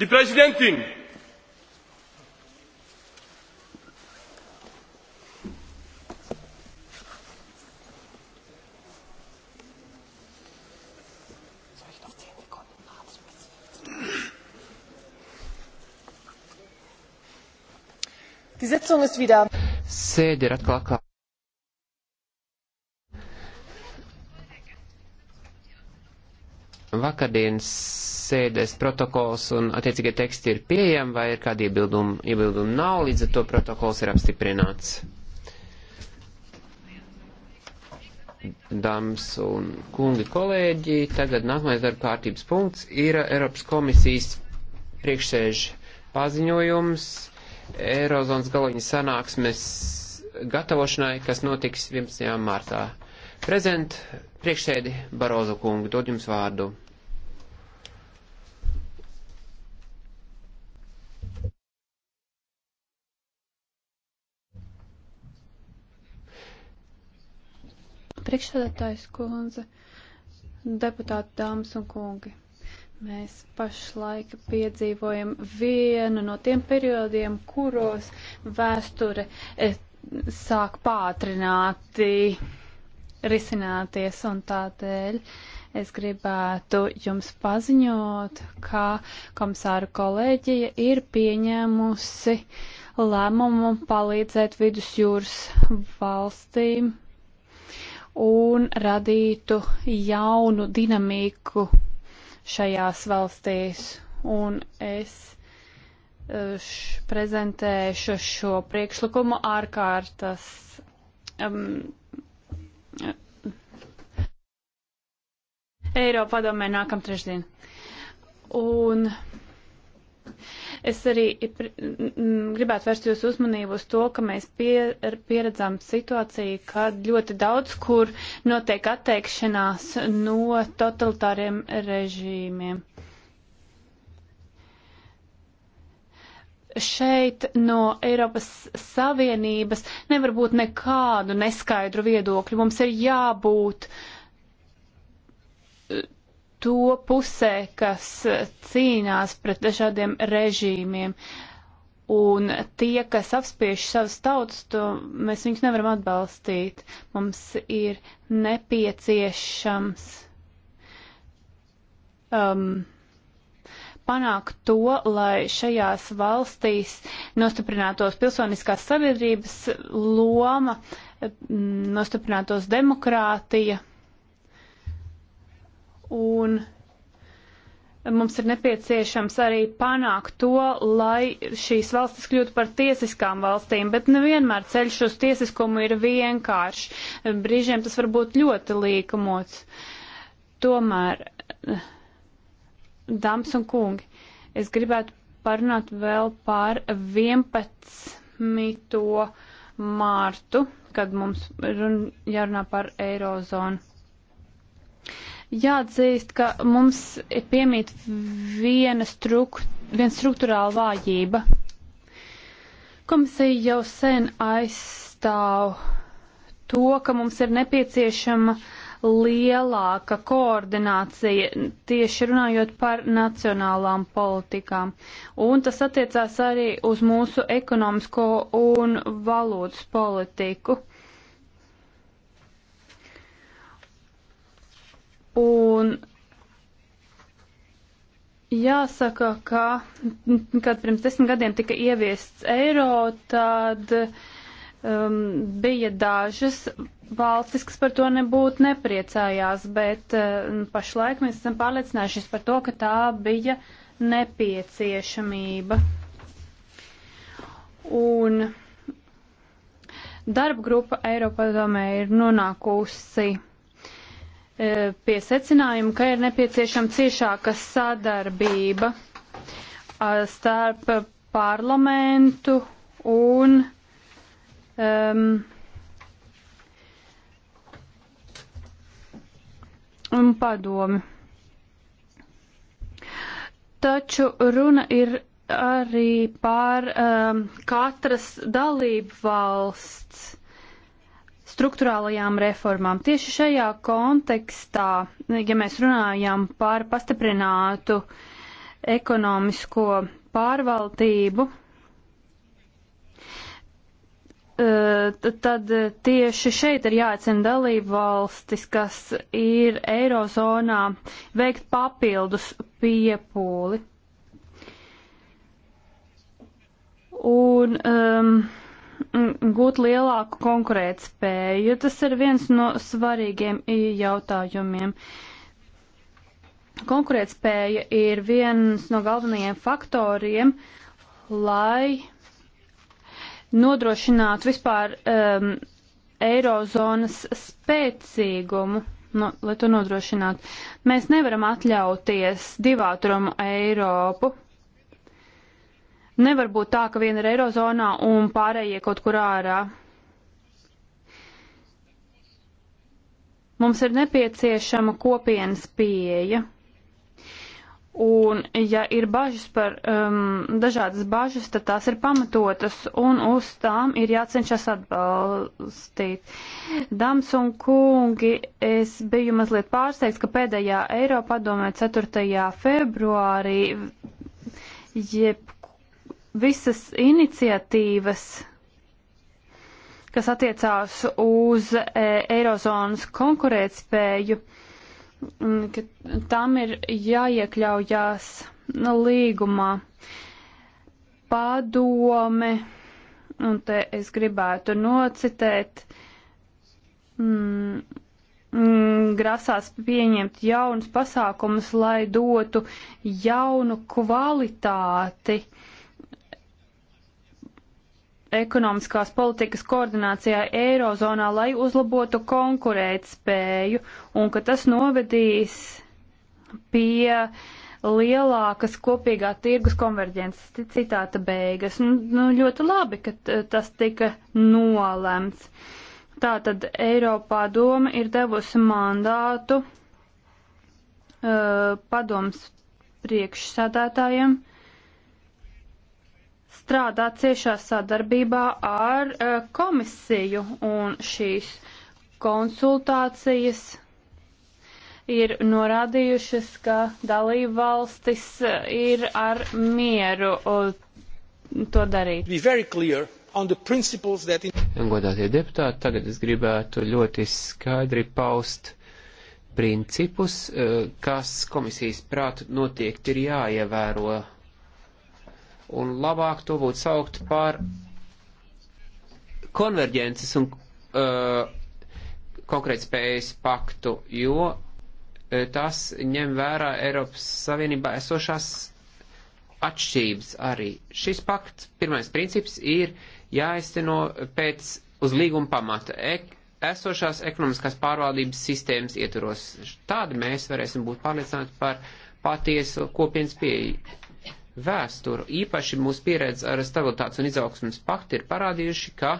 Die Präsidentin! Die Sitzung ist wieder. Sēde ir atkal kā. Vakardienas sēdes protokols un attiecīgie teksti ir pieejami, vai ir kādi iebildumi? Iebildumi nav, līdz ar to protokols ir apstiprināts. Dāmas un kungi kolēģi, tagad nākamais darba kārtības punkts ir Eiropas komisijas priekšsēžu paziņojums Eirozonas galoņa sanāksmes gatavošanai, kas notiks 11. martā. Prezent priekšsēdi Barozo kungu, dod jums vārdu. Priekšsēdētājs kundze, deputāti, dāmas un kungi. Mēs pašlaik piedzīvojam vienu no tiem periodiem, kuros vēsture e, sāk pātrināti risināties, un tādēļ es gribētu jums paziņot, ka komisāra kolēģija ir pieņēmusi lēmumu palīdzēt vidusjūras valstīm un radītu jaunu dinamiku šajās valstīs. Un es eh, š, prezentēšu šo priekšlikumu ārkārtas um, Eiropadomē nākam trešdien. Un Es arī gribētu vērst jūsu uzmanību uz to, ka mēs pieredzam situāciju, kad ļoti daudz kur notiek atteikšanās no totalitāriem režīmiem. Šeit no Eiropas Savienības nevar būt nekādu neskaidru viedokļu. Mums ir jābūt uh, to pusē, kas cīnās pret dažādiem režīmiem. Un tie, kas apspiež savas tautas, to mēs viņus nevaram atbalstīt. Mums ir nepieciešams um, panākt to, lai šajās valstīs nostiprinātos pilsoniskās sabiedrības loma, nostiprinātos demokrātija un mums ir nepieciešams arī panākt to, lai šīs valstis kļūtu par tiesiskām valstīm, bet nevienmēr ceļš uz tiesiskumu ir vienkāršs. Brīžiem tas var būt ļoti līkumots. Tomēr, dāmas un kungi, es gribētu parunāt vēl par 11. mārtu, kad mums jārunā par Eirozonu. Jāatzīst, ka mums piemīt viena struk, viena struktūrāla vājība. Komisija jau sen aizstāv to, ka mums ir nepieciešama lielāka koordinācija tieši runājot par nacionālām politikām. Un tas attiecās arī uz mūsu ekonomisko un valūtas politiku. Un jāsaka, ka, kad pirms desmit gadiem tika ieviests eiro, tad um, bija dažas valstis, kas par to nebūtu nepriecājās, bet uh, pašlaik mēs esam pārliecinājušies par to, ka tā bija nepieciešamība. Un darba grupa Eiropadomē ir nonākusi E, pie secinājuma, ka ir nepieciešama ciešāka sadarbība starp parlamentu un um, un padomi. Taču runa ir arī par um, katras dalību valsts struktūrālajām reformām. Tieši šajā kontekstā, ja mēs runājam par pastiprinātu ekonomisko pārvaldību, eh, tad tieši šeit ir jāatcina dalību valstis, kas ir Eirozonā, veikt papildus piepūli. Un um, gūt lielāku konkurētspēju. Tas ir viens no svarīgiem jautājumiem. Konkurētspēja ir viens no galvenajiem faktoriem, lai nodrošinātu vispār um, eirozonas spēcīgumu, no, lai to nodrošinātu. Mēs nevaram atļauties divātrumu Eiropu, Nevar būt tā, ka viena ir Eirozonā un pārējie kaut kur ārā. Mums ir nepieciešama kopienas pieeja. Un, ja ir bažas par um, dažādas bažas, tad tās ir pamatotas un uz tām ir jācenšas atbalstīt. Dāmas un kungi, es biju mazliet pārsteigts, ka pēdējā Eiropadomē 4. februārī jeb visas iniciatīvas, kas attiecās uz e, Eirozonas konkurētspēju, ka tam ir jāiekļaujās līgumā. Padome, un te es gribētu nocitēt, mm, mm grasās pieņemt jaunus pasākumus, lai dotu jaunu kvalitāti uh, ekonomiskās politikas koordinācijai Eirozonā, lai uzlabotu konkurētspēju un ka tas novedīs pie lielākas kopīgā tirgus konverģences. Citāta beigas. Nu, nu, ļoti labi, ka tas tika nolemts. Tātad Eiropā doma ir devusi mandātu uh, padoms priekšsādātājiem strādā ciešā sadarbībā ar e, komisiju un šīs konsultācijas ir norādījušas, ka dalība valstis e, ir ar mieru to darīt. That... Godātie deputāti, tagad es gribētu ļoti skaidri paust principus, e, kas komisijas prātu noteikti ir jāievēro un labāk to būtu saukt par konverģences un uh, konkrētspējas paktu, jo uh, tas ņem vērā Eiropas Savienībā esošās atšķības arī. Šis pakts, pirmais princips, ir jāizteno pēc uz līguma pamata ek, esošās ekonomiskās pārvaldības sistēmas ietvaros. Tādi mēs varēsim būt pārliecināti par patiesu kopienas pieeju vēsturu, īpaši mūsu pieredze ar stabilitātes un izaugsmas paktu ir parādījuši, ka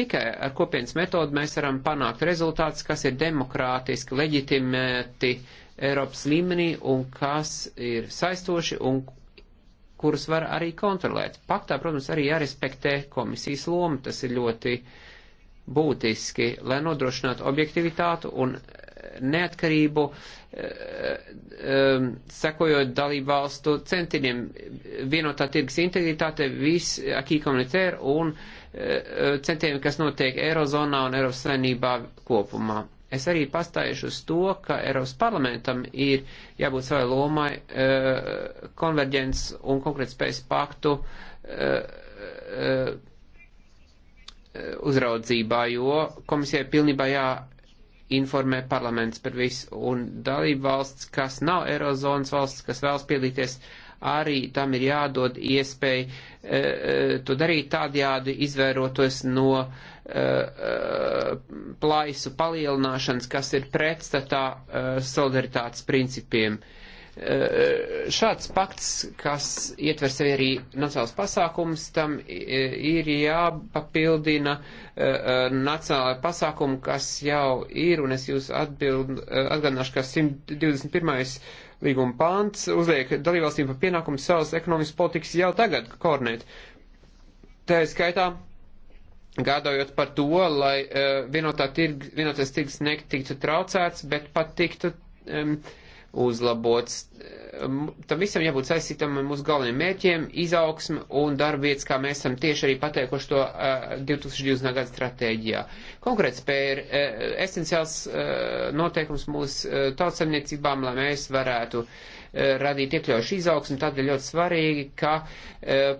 tikai ar kopienas metodu mēs varam panākt rezultātus, kas ir demokrātiski, leģitimēti Eiropas līmenī un kas ir saistoši un kurus var arī kontrolēt. Paktā, protams, arī jārespektē komisijas loma, tas ir ļoti būtiski, lai nodrošinātu objektivitātu un neatkarību uh, Eh, eh, sekojot dalību valstu centieniem vienotā tirgus integritāte, viss eh, akī komunitēra un centieniem, kas notiek Eirozonā un Eiropas savienībā kopumā. Es arī pastājuši uz to, ka Eiropas parlamentam ir jābūt savai lomai konverģents un konkrētspējas paktu uzraudzībā, jo komisijai pilnībā jā informē parlaments par visu, un dalību valsts, kas nav Eirozonas valsts, kas vēlas piedalīties, arī tam ir jādod iespēja e, e, to darīt tādajādi izvēroties no e, e, plaisu palielināšanas, kas ir pretstatā e, solidaritātes principiem. Uh, Eh, šāds pakts, kas ietver sevi arī nacionāls pasākums, tam ir jāpapildina eh, eh, nacionālai pasākumi, kas jau ir, un es jūs atbild, atgādināšu, ka 121. līguma pants uzliek dalībvalstīm par pienākumu savas ekonomiskas politikas jau tagad koordinēt. Tā ir skaitā gādājot par to, lai vienotā tirg, vienotais tirgs netiktu traucēts, bet pat tiktu. Um, uzlabots. Tam visam jābūt saistītam ar mūsu galveniem mērķiem - izaugsme un darbvietas, kā mēs esam tieši arī pateikuši to 2020. gada stratēģijā. Konkrēt spēja ir esenciāls noteikums mūsu tautsamniecībām, lai mēs varētu radīt iekļaujuši izaugsmu, tad ir ļoti svarīgi, ka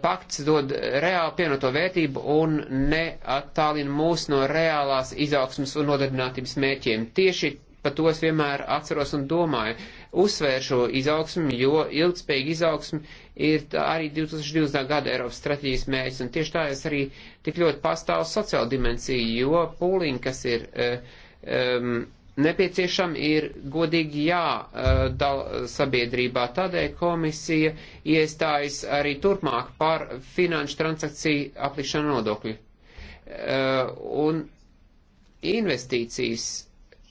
pakts dod reāli pienoto vērtību un neattālina mūs no reālās izaugsmas un nodarbinātības mērķiem. Tieši par to es vienmēr atceros un domāju. Uzsvēr šo izaugsmu, jo ilgspējīga izaugsma ir arī 2020. gada Eiropas strateģijas mērķis, un tieši tā es arī tik ļoti pastāvu sociāla dimensija, jo pūliņi, kas ir um, nepieciešami, ir godīgi jādala uh, sabiedrībā. Tādēļ komisija iestājas arī turpmāk par finanšu transakciju aplikšanu nodokļu. Uh, un investīcijas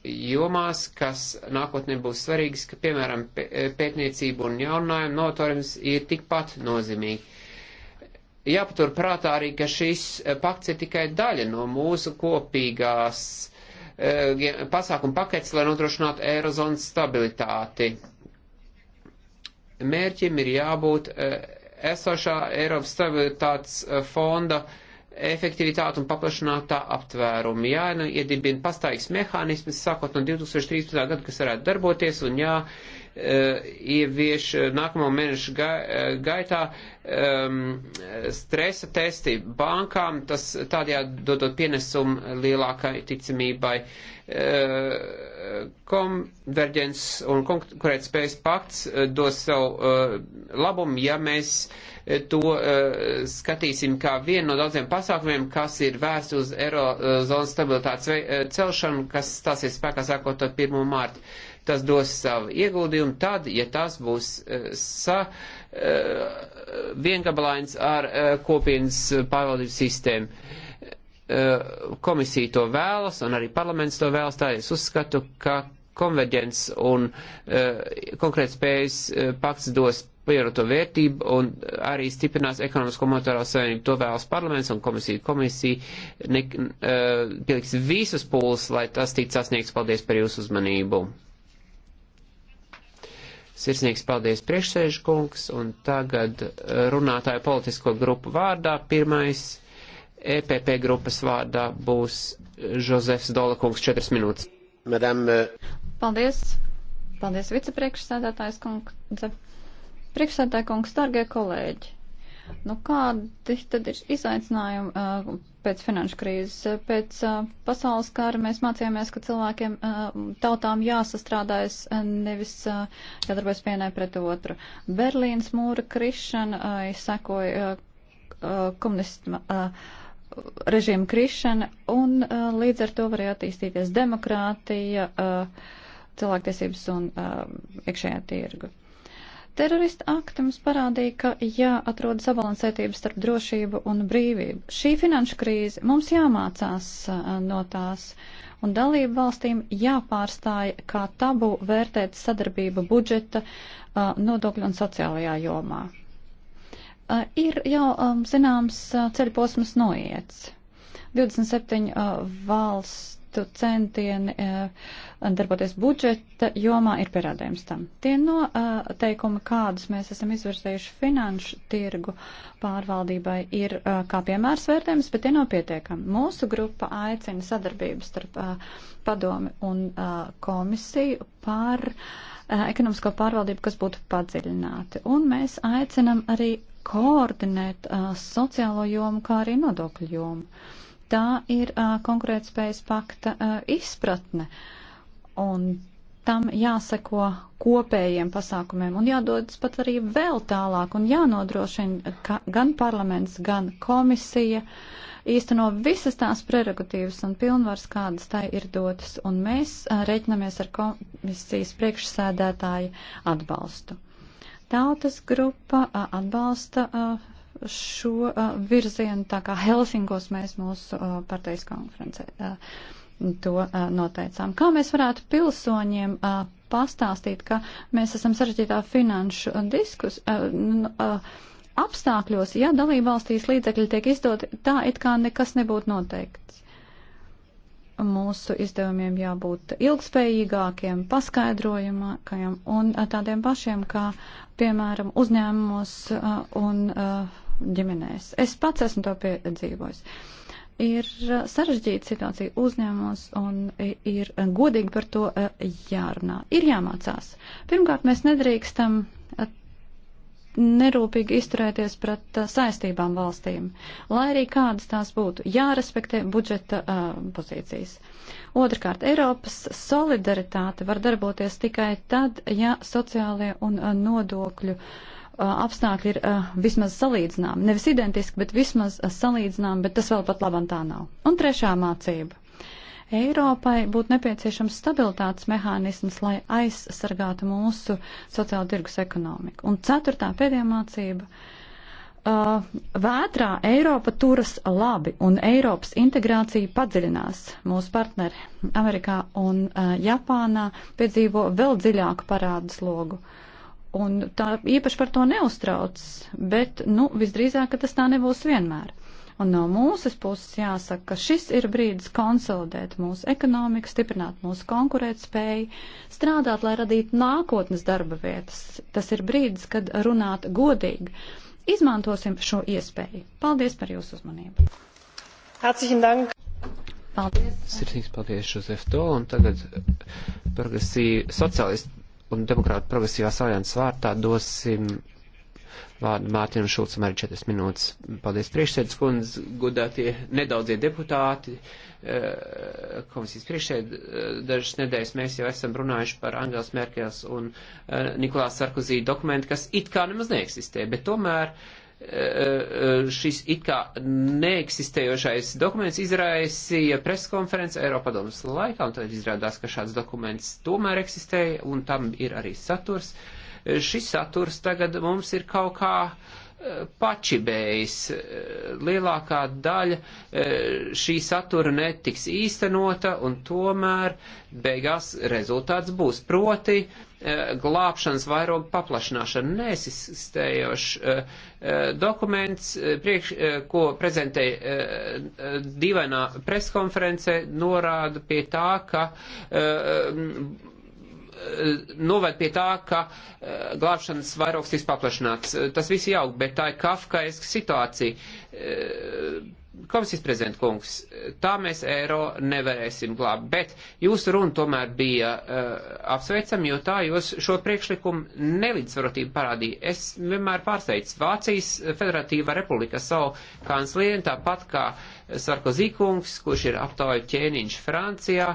jomās, kas nākotnē būs svarīgas, ka, piemēram, pētniecība un jaunājuma notorums ir tikpat nozīmīgi. Jāpatur prātā arī, ka šis eh, pakts ir tikai daļa no mūsu kopīgās uh, pasākuma paketes, lai nodrošinātu Eirozonas stabilitāti. Mērķim ir jābūt uh, esošā Eiropas stabilitātes fonda uh, efektivitāti un paplašināt tā aptvērumu. Jā, nu, iedibina pastāvīgs mehānisms, sākot no 2013. gada, kas varētu darboties, un jā, uh, Eh, ievieš eh, nākamo mēnešu eh, gaitā um, stresa testi bankām, tas tādējādi dodot pienesumu lielākai ticamībai. Uh, konverģents un konkurētspējas pakts dos savu uh, labumu, ja mēs to uh, skatīsim kā vienu no daudziem pasākumiem, kas ir vērsti uz Eirozonas stabilitātes celšanu, kas stāsies spēkā sākot ar 1. mārtu. Uh, tas dos savu ieguldījumu tad, ja tas būs eh, sa, eh, viengabalains ar eh, kopienas pārvaldības sistēmu. Komisija to vēlas un arī parlaments to vēlas, tā es uzskatu, ka konverģents un konkrēts spējas pakts dos pievienoto vērtību un arī stiprinās ekonomisko monetāro savienību. To vēlas parlaments un komisija. Komisija ne, uh, pieliks visus pūles, lai tas tiktu sasniegts. Paldies par jūsu uzmanību. Sirsnīgs paldies priekšsēžkungs un tagad eh, runātāju politisko grupu vārdā. Pirmais EPP grupas vārdā būs Žozefs Dolakungs 4 minūtes. Madame. Eh, paldies. Paldies vicepriekšsēdētājs kungze. Priekšsēdētāja kungs, dargie kolēģi. Nu kādi tad ir izaicinājumi, eh, pēc finanšu krīzes, pēc pasaules kara mēs mācījāmies, ka cilvēkiem, tautām jāsastrādājas nevis jādarbojas vienai pret otru. Berlīnas mūra krišana sekoja komunistam režīmu krišana un līdz ar to varēja attīstīties demokrātija, cilvēktiesības un iekšējā tirgu. Terorista akti mums parādīja, ka jāatrod sabalansētība starp drošību un brīvību. Šī finanšu krīze mums jāmācās no tās, un dalību valstīm jāpārstāj kā tabu vērtēt sadarbību budžeta, nodokļu un sociālajā jomā. Ir jau zināms ceļposms noiets. 27 valsts citu centieni eh, darboties budžeta jomā ir pierādījums tam. Tie noteikumi, kādus mēs esam izvirzējuši finanšu tirgu pārvaldībai, ir eh, kā piemērs vērtējums, bet tie nav pietiekami. Mūsu grupa aicina sadarbību starp eh, padomi un komisiju par ekonomisko pārvaldību, kas būtu padziļināti. Un mēs aicinam arī koordinēt sociālo jomu, kā arī nodokļu jomu tā ir uh, konkurētspējas pakta uh, izpratne. Un tam jāseko kopējiem pasākumiem un jādodas pat arī vēl tālāk un jānodrošina, ka gan parlaments, gan komisija īsteno visas tās prerogatīvas un pilnvars, kādas tai ir dotas, un mēs uh, reiķinamies ar komisijas priekšsēdētāju atbalstu. Tautas grupa uh, atbalsta uh, šo uh, virzienu, tā kā Helsingos mēs mūsu uh, partijas konferencē uh, to uh, noteicām. Kā mēs varētu pilsoņiem uh, pastāstīt, ka mēs esam sarežģītā finanšu diskus. Uh, uh, apstākļos, ja dalībvalstīs līdzekļi tiek izdoti tā, it kā nekas nebūtu noteikts. Mūsu izdevumiem jābūt ilgspējīgākiem, paskaidrojumākajiem un uh, tādiem pašiem, kā, piemēram, uzņēmumos uh, un uh, ģimenēs. Es pats esmu to piedzīvojis. Ir eh, sarežģīta situācija uzņēmumos un ir eh, godīgi par to eh, jārunā. Ir jāmācās. Pirmkārt, mēs nedrīkstam nerūpīgi izturēties pret saistībām valstīm, lai arī kādas tās būtu, jārespektē budžeta uh, pozīcijas. Otrakārt, Eiropas solidaritāte var darboties tikai tad, ja sociālie un uh, nodokļu uh, Uh, apstākļi ir uh, vismaz salīdzināmi. Nevis identiski, bet vismaz uh, salīdzināmi, bet tas vēl pat labam tā nav. Un trešā mācība. Eiropai būtu nepieciešams stabilitātes mehānisms, lai aizsargātu mūsu sociālo tirgus ekonomiku. Un ceturtā pēdējā mācība. Uh, vētrā Eiropa turas labi un Eiropas integrācija padziļinās. Mūsu partneri Amerikā un uh, Japānā piedzīvo vēl dziļāku parādu slogu. Uh, Un tā īpaši par to neuztrauc, bet, nu, visdrīzāk, ka tas tā nebūs vienmēr. Un no mūsu puses jāsaka, ka šis ir brīdis konsolidēt mūsu ekonomiku, stiprināt mūsu konkurētspēju, strādāt, lai radītu nākotnes darba vietas. Tas ir brīdis, kad runāt godīgi. Izmantosim šo iespēju. Paldies par jūsu uzmanību. Herzlichen Dank. Paldies. Sirsnīgs paldies, Žozef To, un tagad progresīvi sociālisti un Demokrāta progresīvās alianses vārtā dosim vārdu Mārtiņam Šulcam arī 4 minūtes. Paldies priekšsēdus kundze, gudātie nedaudzie deputāti, eh, komisijas priekšsēd, eh, dažas nedēļas mēs jau esam runājuši par Angels Merkels un eh, Nikolās Sarkozī dokumentu, kas it kā nemaz neeksistē, bet tomēr uh, Eh, eh, šis it kā neeksistējošais dokuments izraisīja preskonferences Eiropadomas laikā, un tad izrādās, ka šāds dokuments tomēr eksistēja, un tam ir arī saturs. Eh, šis saturs tagad mums ir kaut kā pačibējis. Lielākā daļa šī satura netiks īstenota, un tomēr beigās rezultāts būs proti, uh, E, glābšanas vairogu paplašināšanu. Nesistējošs e, e, dokuments, priekš, ko prezentēja divainā preskonference, norāda pie tā, ka noved pie tā, ka glābšanas vairogs tiks paplašināts. Tas viss jauk, bet tā ir kafkaiska situācija. Komisijas prezidenta kungs, tā mēs eiro nevarēsim glābt, bet jūsu runa tomēr bija uh, eh, apsveicama, jo tā jūs šo priekšlikumu nelīdzsvarotību parādīja. Es vienmēr pārsteidzu, Vācijas Federatīva Republika savu kanclienu, tāpat kā Sarkozī kungs, kurš ir aptauju ķēniņš Francijā,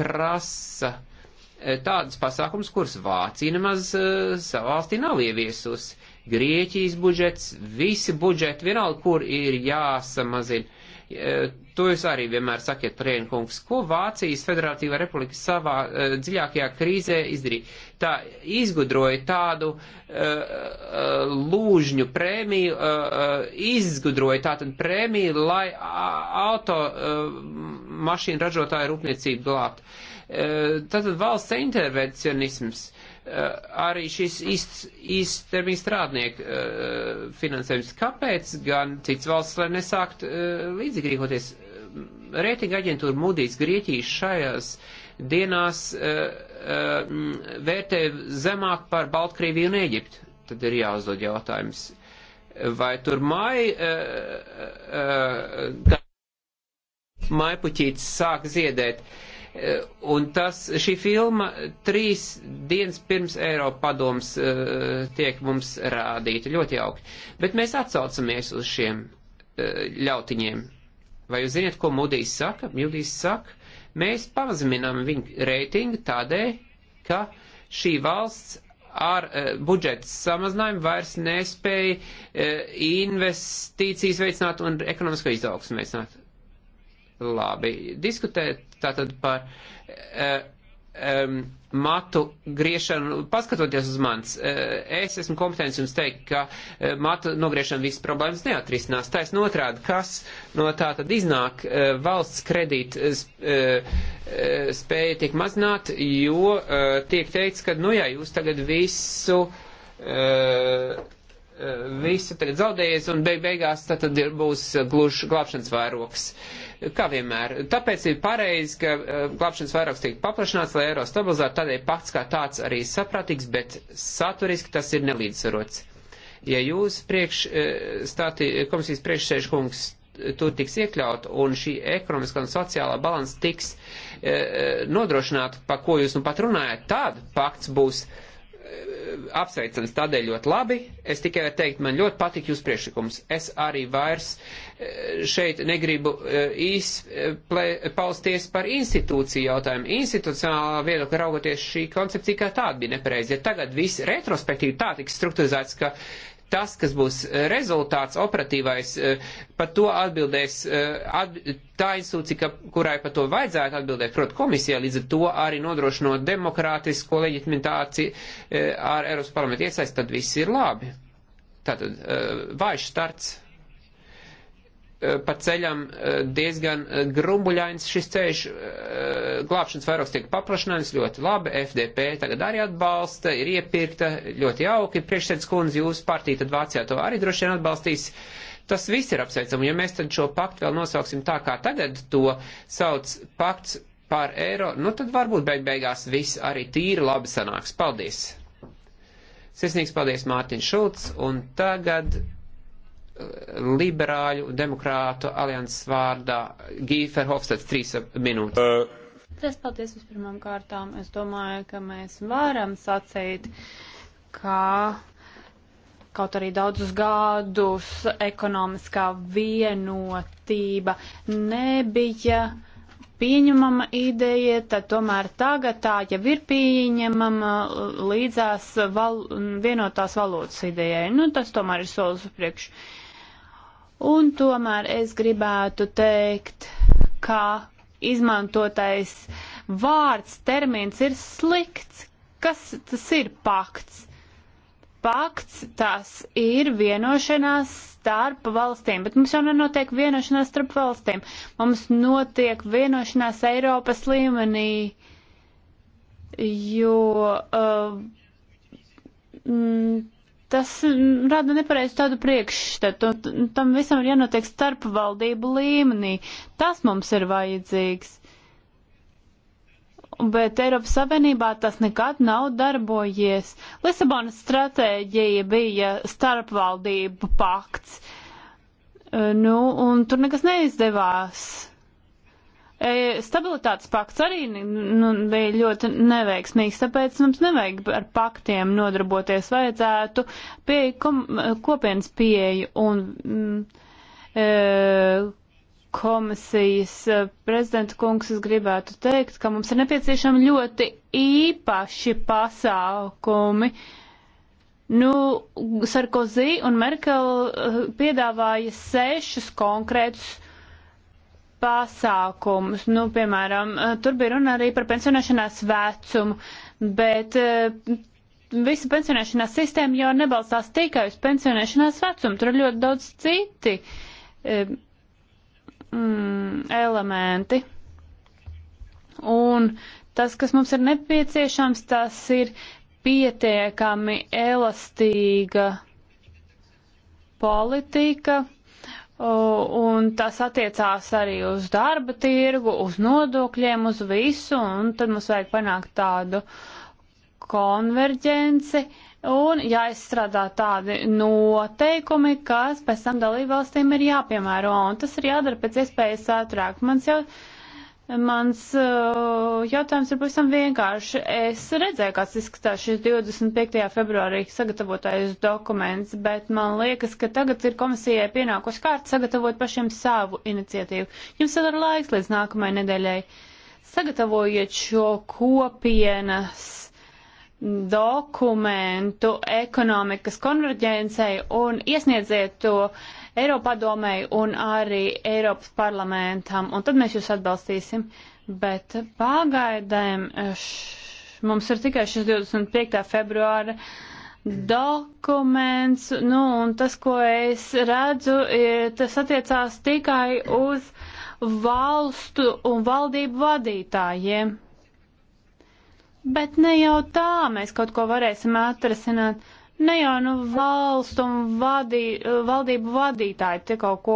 prasa uh, tādus pasākums, kurus Vācija nemaz uh, savā valstī nav ieviesusi. Grieķijas budžets, visi budžeti, vienalga, kur ir jāsamazina. E, to jūs arī vienmēr sakiet, Prienkungs, ko Vācijas Federatīva Republika savā e, dziļākajā krīzē izdarīja. Tā izgudroja tādu e, e lūžņu prēmiju, e, e, izgudroja tātad prēmiju, lai auto mašīnu ražotāju rūpniecību glābtu. Tātad valsts intervencionisms Eh, arī šis īstermiņa strādnieku eh, finansējums. Kāpēc gan cits valsts, lai nesākt eh, līdzīgi rīkoties? Rētinga aģentūra Mudīs Grieķijas šajās dienās vērtē zemāk par Baltkrieviju un Eģiptu. Tad ir jāuzdod jautājums, vai tur māja, māja puķītis sāk ziedēt. Uh, Eh, un tas, šī filma trīs dienas pirms Eiropa padoms eh, tiek mums rādīta. Ļoti jauki. Bet mēs atsaucamies uz šiem eh, ļautiņiem. Vai jūs zināt, ko Mudijs saka? Mudijs saka, mēs pamazinām viņu reitingu tādēļ, ka šī valsts ar uh, budžeta samazinājumu vairs nespēja uh, investīcijas veicināt un ekonomisko izaugsmu veicināt. Labi, diskutēt tātad par uh, um, matu griešanu. Paskatoties uz mans, uh, es esmu kompetents jums teikt, ka uh, matu nogriešana visas problēmas neatrisinās. Taisn otrādi, kas no tā tad iznāk, uh, valsts kredīt uh, uh, spēja tiek mazināt, jo uh, tiek teikts, ka, nu jā, jūs tagad visu. Uh, visi tagad zaudējies un beig beigās tad, tad ir, būs gluži glābšanas vairoks. Kā vienmēr. Tāpēc ir pareizi, ka e, glābšanas vairoks tiek paplašināts, lai eiro stabilizētu, tādēļ pakts kā tāds arī saprātīgs, bet saturiski tas ir nelīdzsvarots. Ja jūs priekš, e, stāti, komisijas priekšsēžkungs tur tiks iekļaut un šī ekonomiskā un sociālā balans tiks e, e, nodrošināta, pa ko jūs nu pat runājat, tad pakts būs. E, apsveicams tādēļ ļoti labi. Es tikai varu teikt, man ļoti patīk jūs priekšlikums. Es arī vairs e, šeit negribu izpausties e, e, par institūciju jautājumu. Institucionālā viedokļa raugoties šī koncepcija kā tāda bija nepareizi. Ja tagad viss retrospektīvi tā tiks struktūrizēts, ka tas, kas būs eh, rezultāts operatīvais, eh, par to atbildēs eh, at, tā institūcija, kurai par to vajadzētu atbildēt, proti komisija, līdz ar to arī nodrošinot demokrātisko leģitimitāciju ar Eiropas parlamentu iesaist, tad viss ir labi. Tātad vājš starts Eh, pa ceļam eh, diezgan eh, grumbuļains šis ceļš, glābšanas vairogs tiek paplašināts ļoti labi, FDP tagad arī atbalsta, ir iepirkta, ļoti jauki, priekšsēdus kundze, jūs partija tad Vācijā to arī droši vien atbalstīs. Tas viss ir apsveicami, ja mēs tad šo paktu vēl nosauksim tā, kā tagad to sauc pakts par eiro, nu tad varbūt beig beigās viss arī tīri labi sanāks. Paldies! Sesnīgs paldies Mārtiņš Šulc, un tagad liberāļu demokrātu alianses vārdā Gīfer Hofstads trīs minūtes. Uh. Tas paldies vispirmām kārtām. Es domāju, ka mēs varam sacīt, ka kaut arī daudzus gadus ekonomiskā vienotība nebija pieņemama ideja, tad tomēr tagad tā jau ir pieņemama līdzās val, vienotās valodas idejai. Nu, tas tomēr ir solis uz priekšu. Uh, Un tomēr es gribētu teikt, ka izmantotais vārds, termins ir slikts. Kas tas ir pakts? Pakts tas ir vienošanās starp valstīm, bet mums jau nenotiek vienošanās starp valstīm. Mums notiek vienošanās Eiropas līmenī, jo. Uh, mm, tas mm, rada nepareizu tādu priekšstatu, un tam visam ir jānotiek starp valdību līmenī. Tas mums ir vajadzīgs. Bet Eiropas Savienībā tas nekad nav darbojies. Lisabonas stratēģija bija starpvaldību pakts. E, nu, un tur nekas neizdevās. E, stabilitātes pakts arī nu, bija ļoti neveiksmīgs, tāpēc mums nevajag ar paktiem nodarboties. Vajadzētu pieeja kom, e, kopienas pieeju un mm, e, komisijas e, prezidenta kungs, es gribētu teikt, ka mums ir nepieciešami ļoti īpaši pasākumi. Nu, Sarkozy un Merkel piedāvāja sešus konkrētus pasākumus. Nu, piemēram, eh, tur bija runa arī par pensionēšanās vecumu, bet eh, visa pensionēšanās sistēma jau nebalstās tikai uz pensionēšanās vecumu. Tur ir ļoti daudz citi eh, mm, elementi. Un tas, kas mums ir nepieciešams, tas ir pietiekami elastīga politika un tas attiecās arī uz darba tirgu, uz nodokļiem, uz visu, un tad mums vajag panākt tādu konverģenci un jāizstrādā tādi noteikumi, kas pēc tam dalībvalstīm ir jāpiemēro, un tas ir jādara pēc iespējas ātrāk. Mans jau, uh, Mans uh, jautājums ir pavisam vienkārši. Es redzēju, kāds izskatās šis 25. februārī sagatavotais dokuments, bet man liekas, ka tagad ir komisijai pienākuši kārt sagatavot pašiem savu iniciatīvu. Jums vēl ir laiks līdz nākamajai nedēļai. Sagatavojiet šo kopienas dokumentu ekonomikas konverģencei un iesniedziet to uh, Eiropadomēji un arī Eiropas parlamentam, un tad mēs jūs atbalstīsim. Bet pagaidēm eh, š, mums ir tikai šis 25. februāra dokuments, nu, un tas, ko es redzu, ir, tas attiecās tikai uz valstu un valdību vadītājiem. Bet ne jau tā mēs kaut ko varēsim atrasināt. Ne jau nu valstu un vadī, valdību vadītāji te kaut ko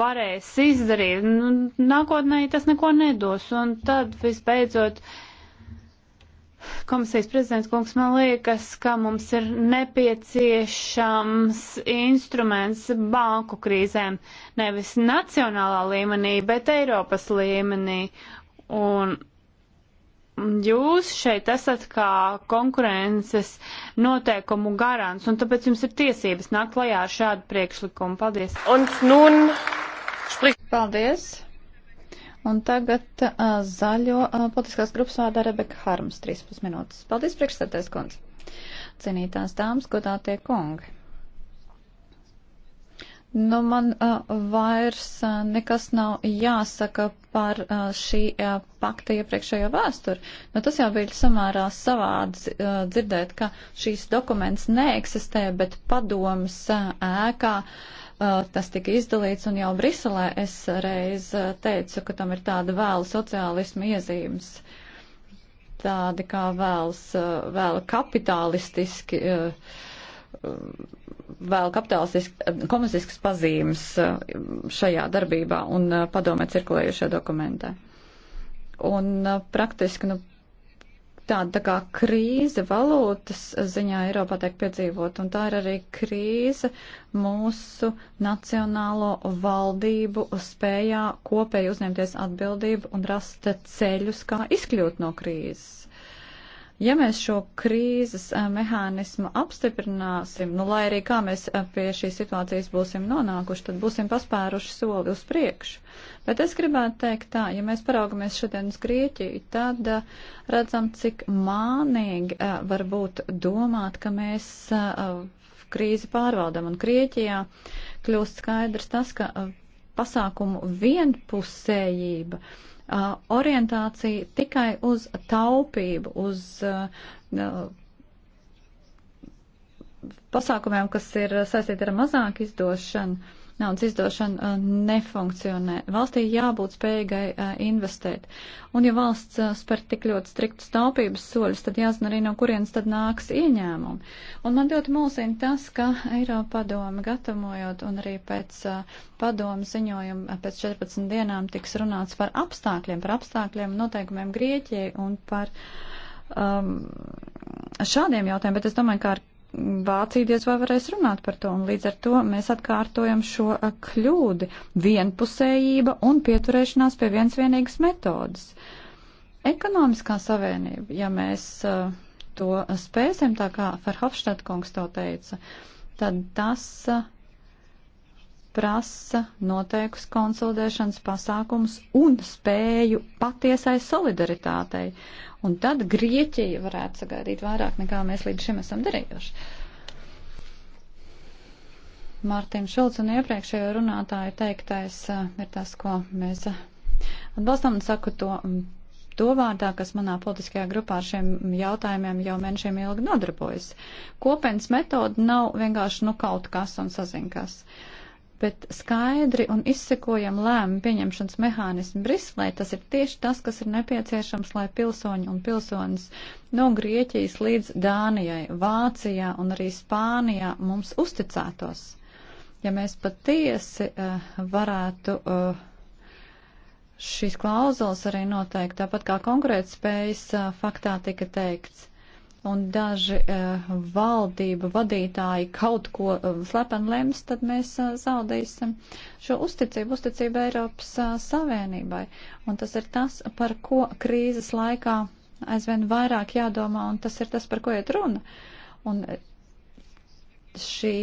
varēs izdarīt. Nu, nākotnē tas neko nedos. Un tad visbeidzot. Komisijas prezidents kungs, man liekas, ka mums ir nepieciešams instruments banku krīzēm nevis nacionālā līmenī, bet Eiropas līmenī. Un jūs šeit esat kā konkurences noteikumu garants, un tāpēc jums ir tiesības nākt klajā ar šādu priekšlikumu. Paldies! Un nun, sprik... Paldies! Un tagad uh, zaļo uh, politiskās grupas vārdā Rebeka Harms, 13 minūtes. Paldies, priekšsēdētājs kundze! Cienītās dāmas, godātie kungi! Nu, man uh, vairs uh, nekas nav jāsaka par uh, šī uh, pakta iepriekšējo vēsturi. Nu, tas jau bija samērā savādi uh, dzirdēt, ka šīs dokuments neeksistē, bet padomas uh, ēkā uh, tas tika izdalīts un jau Briselē es reiz uh, teicu, ka tam ir tāda vēla sociālismu iezīmes. Tādi kā vēls, uh, vēla kapitalistiski. Uh, vēl komunistiskas pazīmes eh, šajā darbībā un eh, padomē cirkulējušajā dokumentā. Un eh, praktiski nu, tāda tā kā krīze valūtas ziņā Eiropā tiek piedzīvot, un tā ir arī krīze mūsu nacionālo valdību spējā kopēji uzņemties atbildību un rast ceļus, kā izkļūt no krīzes. Ja mēs šo krīzes eh, mehānismu apstiprināsim, nu lai arī kā mēs eh, pie šīs situācijas būsim nonākuši, tad būsim paspēruši soli uz priekšu. Bet es gribētu teikt tā, ja mēs paraugamies šodien uz Grieķiju, tad eh, redzam, cik mānīgi var būt domāt, ka mēs krīzi pārvaldam. Un Grieķijā kļūst skaidrs tas, ka pasākumu vienpusējība uh, Uh, orientācija tikai uz taupību, uz uh, uh, pasākumiem, kas ir saistīti ar mazāku izdošanu, naudas izdošana uh, nefunkcionē. Valstī jābūt spējīgai uh, investēt. Un ja valsts uh, spēr tik ļoti striktus taupības soļus, tad jāzina arī no kurienes tad nāks ieņēmumi. Un man ļoti mulsina tas, ka Eiropa padome gatavojot un arī pēc padomu ziņojuma pēc 14 dienām tiks runāts par apstākļiem, par apstākļiem noteikumiem Grieķijai un par um, šādiem jautājumiem, bet es domāju, ka ar Vācija diez vai varēs runāt par to, un līdz ar to mēs atkārtojam šo kļūdi - vienpusējība un pieturēšanās pie viens vienīgas metodas. Ekonomiskā savienība, ja mēs to spēsim, tā kā Ferhofstadt kungs to teica, tad tas prasa noteikus konsolidēšanas pasākumus un spēju patiesai solidaritātei. Un tad Grieķija varētu sagaidīt vairāk nekā mēs līdz šim esam darījuši. Mārtiņš Šulc un iepriekšējo runātāju teiktais eh, ir tas, ko mēs eh, atbalstam un saku to, mm, to vārdā, kas manā politiskajā grupā ar šiem jautājumiem jau mēnešiem ilgi nodarbojas. Kopienas metoda nav vienkārši nu kaut kas un sazinkas. kas bet skaidri un izsekojam lēmumu pieņemšanas mehānismu Briselē, tas ir tieši tas, kas ir nepieciešams, lai pilsoņi un pilsonis no Grieķijas līdz Dānijai, Vācijā un arī Spānijā mums uzticētos. Ja mēs patiesi uh, varētu. Uh, Šīs klauzulas arī noteikti, tāpat kā konkurētspējas eh, faktā tika teikts, un daži uh, valdību vadītāji kaut ko uh, eh, slepeni lems, tad mēs uh, zaudēsim šo uzticību, uzticību Eiropas uh, Savienībai. Un tas ir tas, par ko krīzes laikā aizvien vairāk jādomā, un tas ir tas, par ko iet runa. Un šī,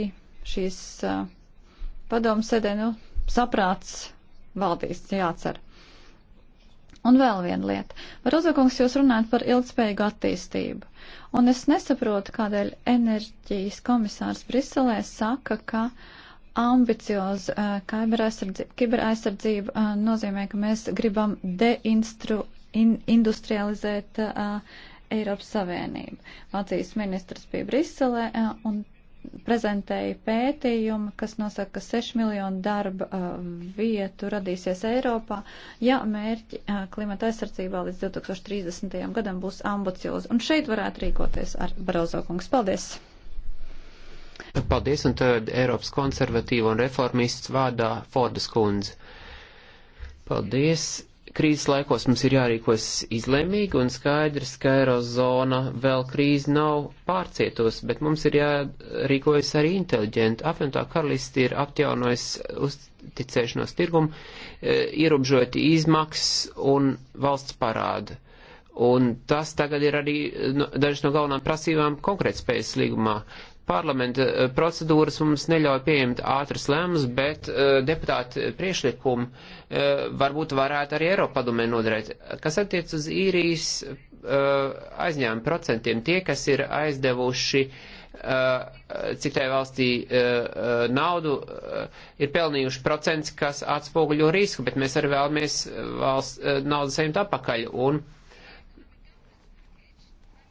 šīs uh, padomas sēdē, nu, saprāts valdīs, jācer. Un vēl viena lieta. Rozakungs, jūs runājat par ilgspējīgu attīstību. Un es nesaprotu, kādēļ enerģijas komisārs Briselē saka, ka ambicioza eh, kiberaizsardzība, kiberaizsardzība eh, nozīmē, ka mēs gribam deindustrializēt in, eh, Eiropas Savienību. Vācijas ministrs bija Briselē, un prezentēja pētījumu, kas nosaka, ka 6 miljonu darba uh, vietu radīsies Eiropā, ja mērķi uh, klimata aizsardzībā līdz 2030. gadam būs ambiciozi. Un šeit varētu rīkoties ar Barozo kungs. Paldies! Paldies, un tad Eiropas konservatīva un reformists vārdā Fordas kundze. Paldies! krīzes laikos mums ir jārīkojas izlēmīgi un skaidrs, ka Eirozona vēl krīze nav pārcietos, bet mums ir jārīkojas arī inteliģenti. Apvienotā karalisti ir apjaunojis uzticēšanos tirgumu, e, ierobežot izmaksas un valsts parādu. Un tas tagad ir arī dažas no galvenām prasībām konkrētspējas līgumā. Parlamenta eh, procedūras mums neļauj pieņemt ātras lēmumus, bet uh, deputāti priešlikumu uh, varbūt varētu arī Eiropadomē nodarēt. Kas attiec uz īrijas uh, aizņēmumu procentiem, tie, kas ir aizdevuši citai valstī naudu, ir pelnījuši procents, kas atspoguļo risku, bet mēs arī vēlamies valsts naudu saņemt apakaļ. Un, uh,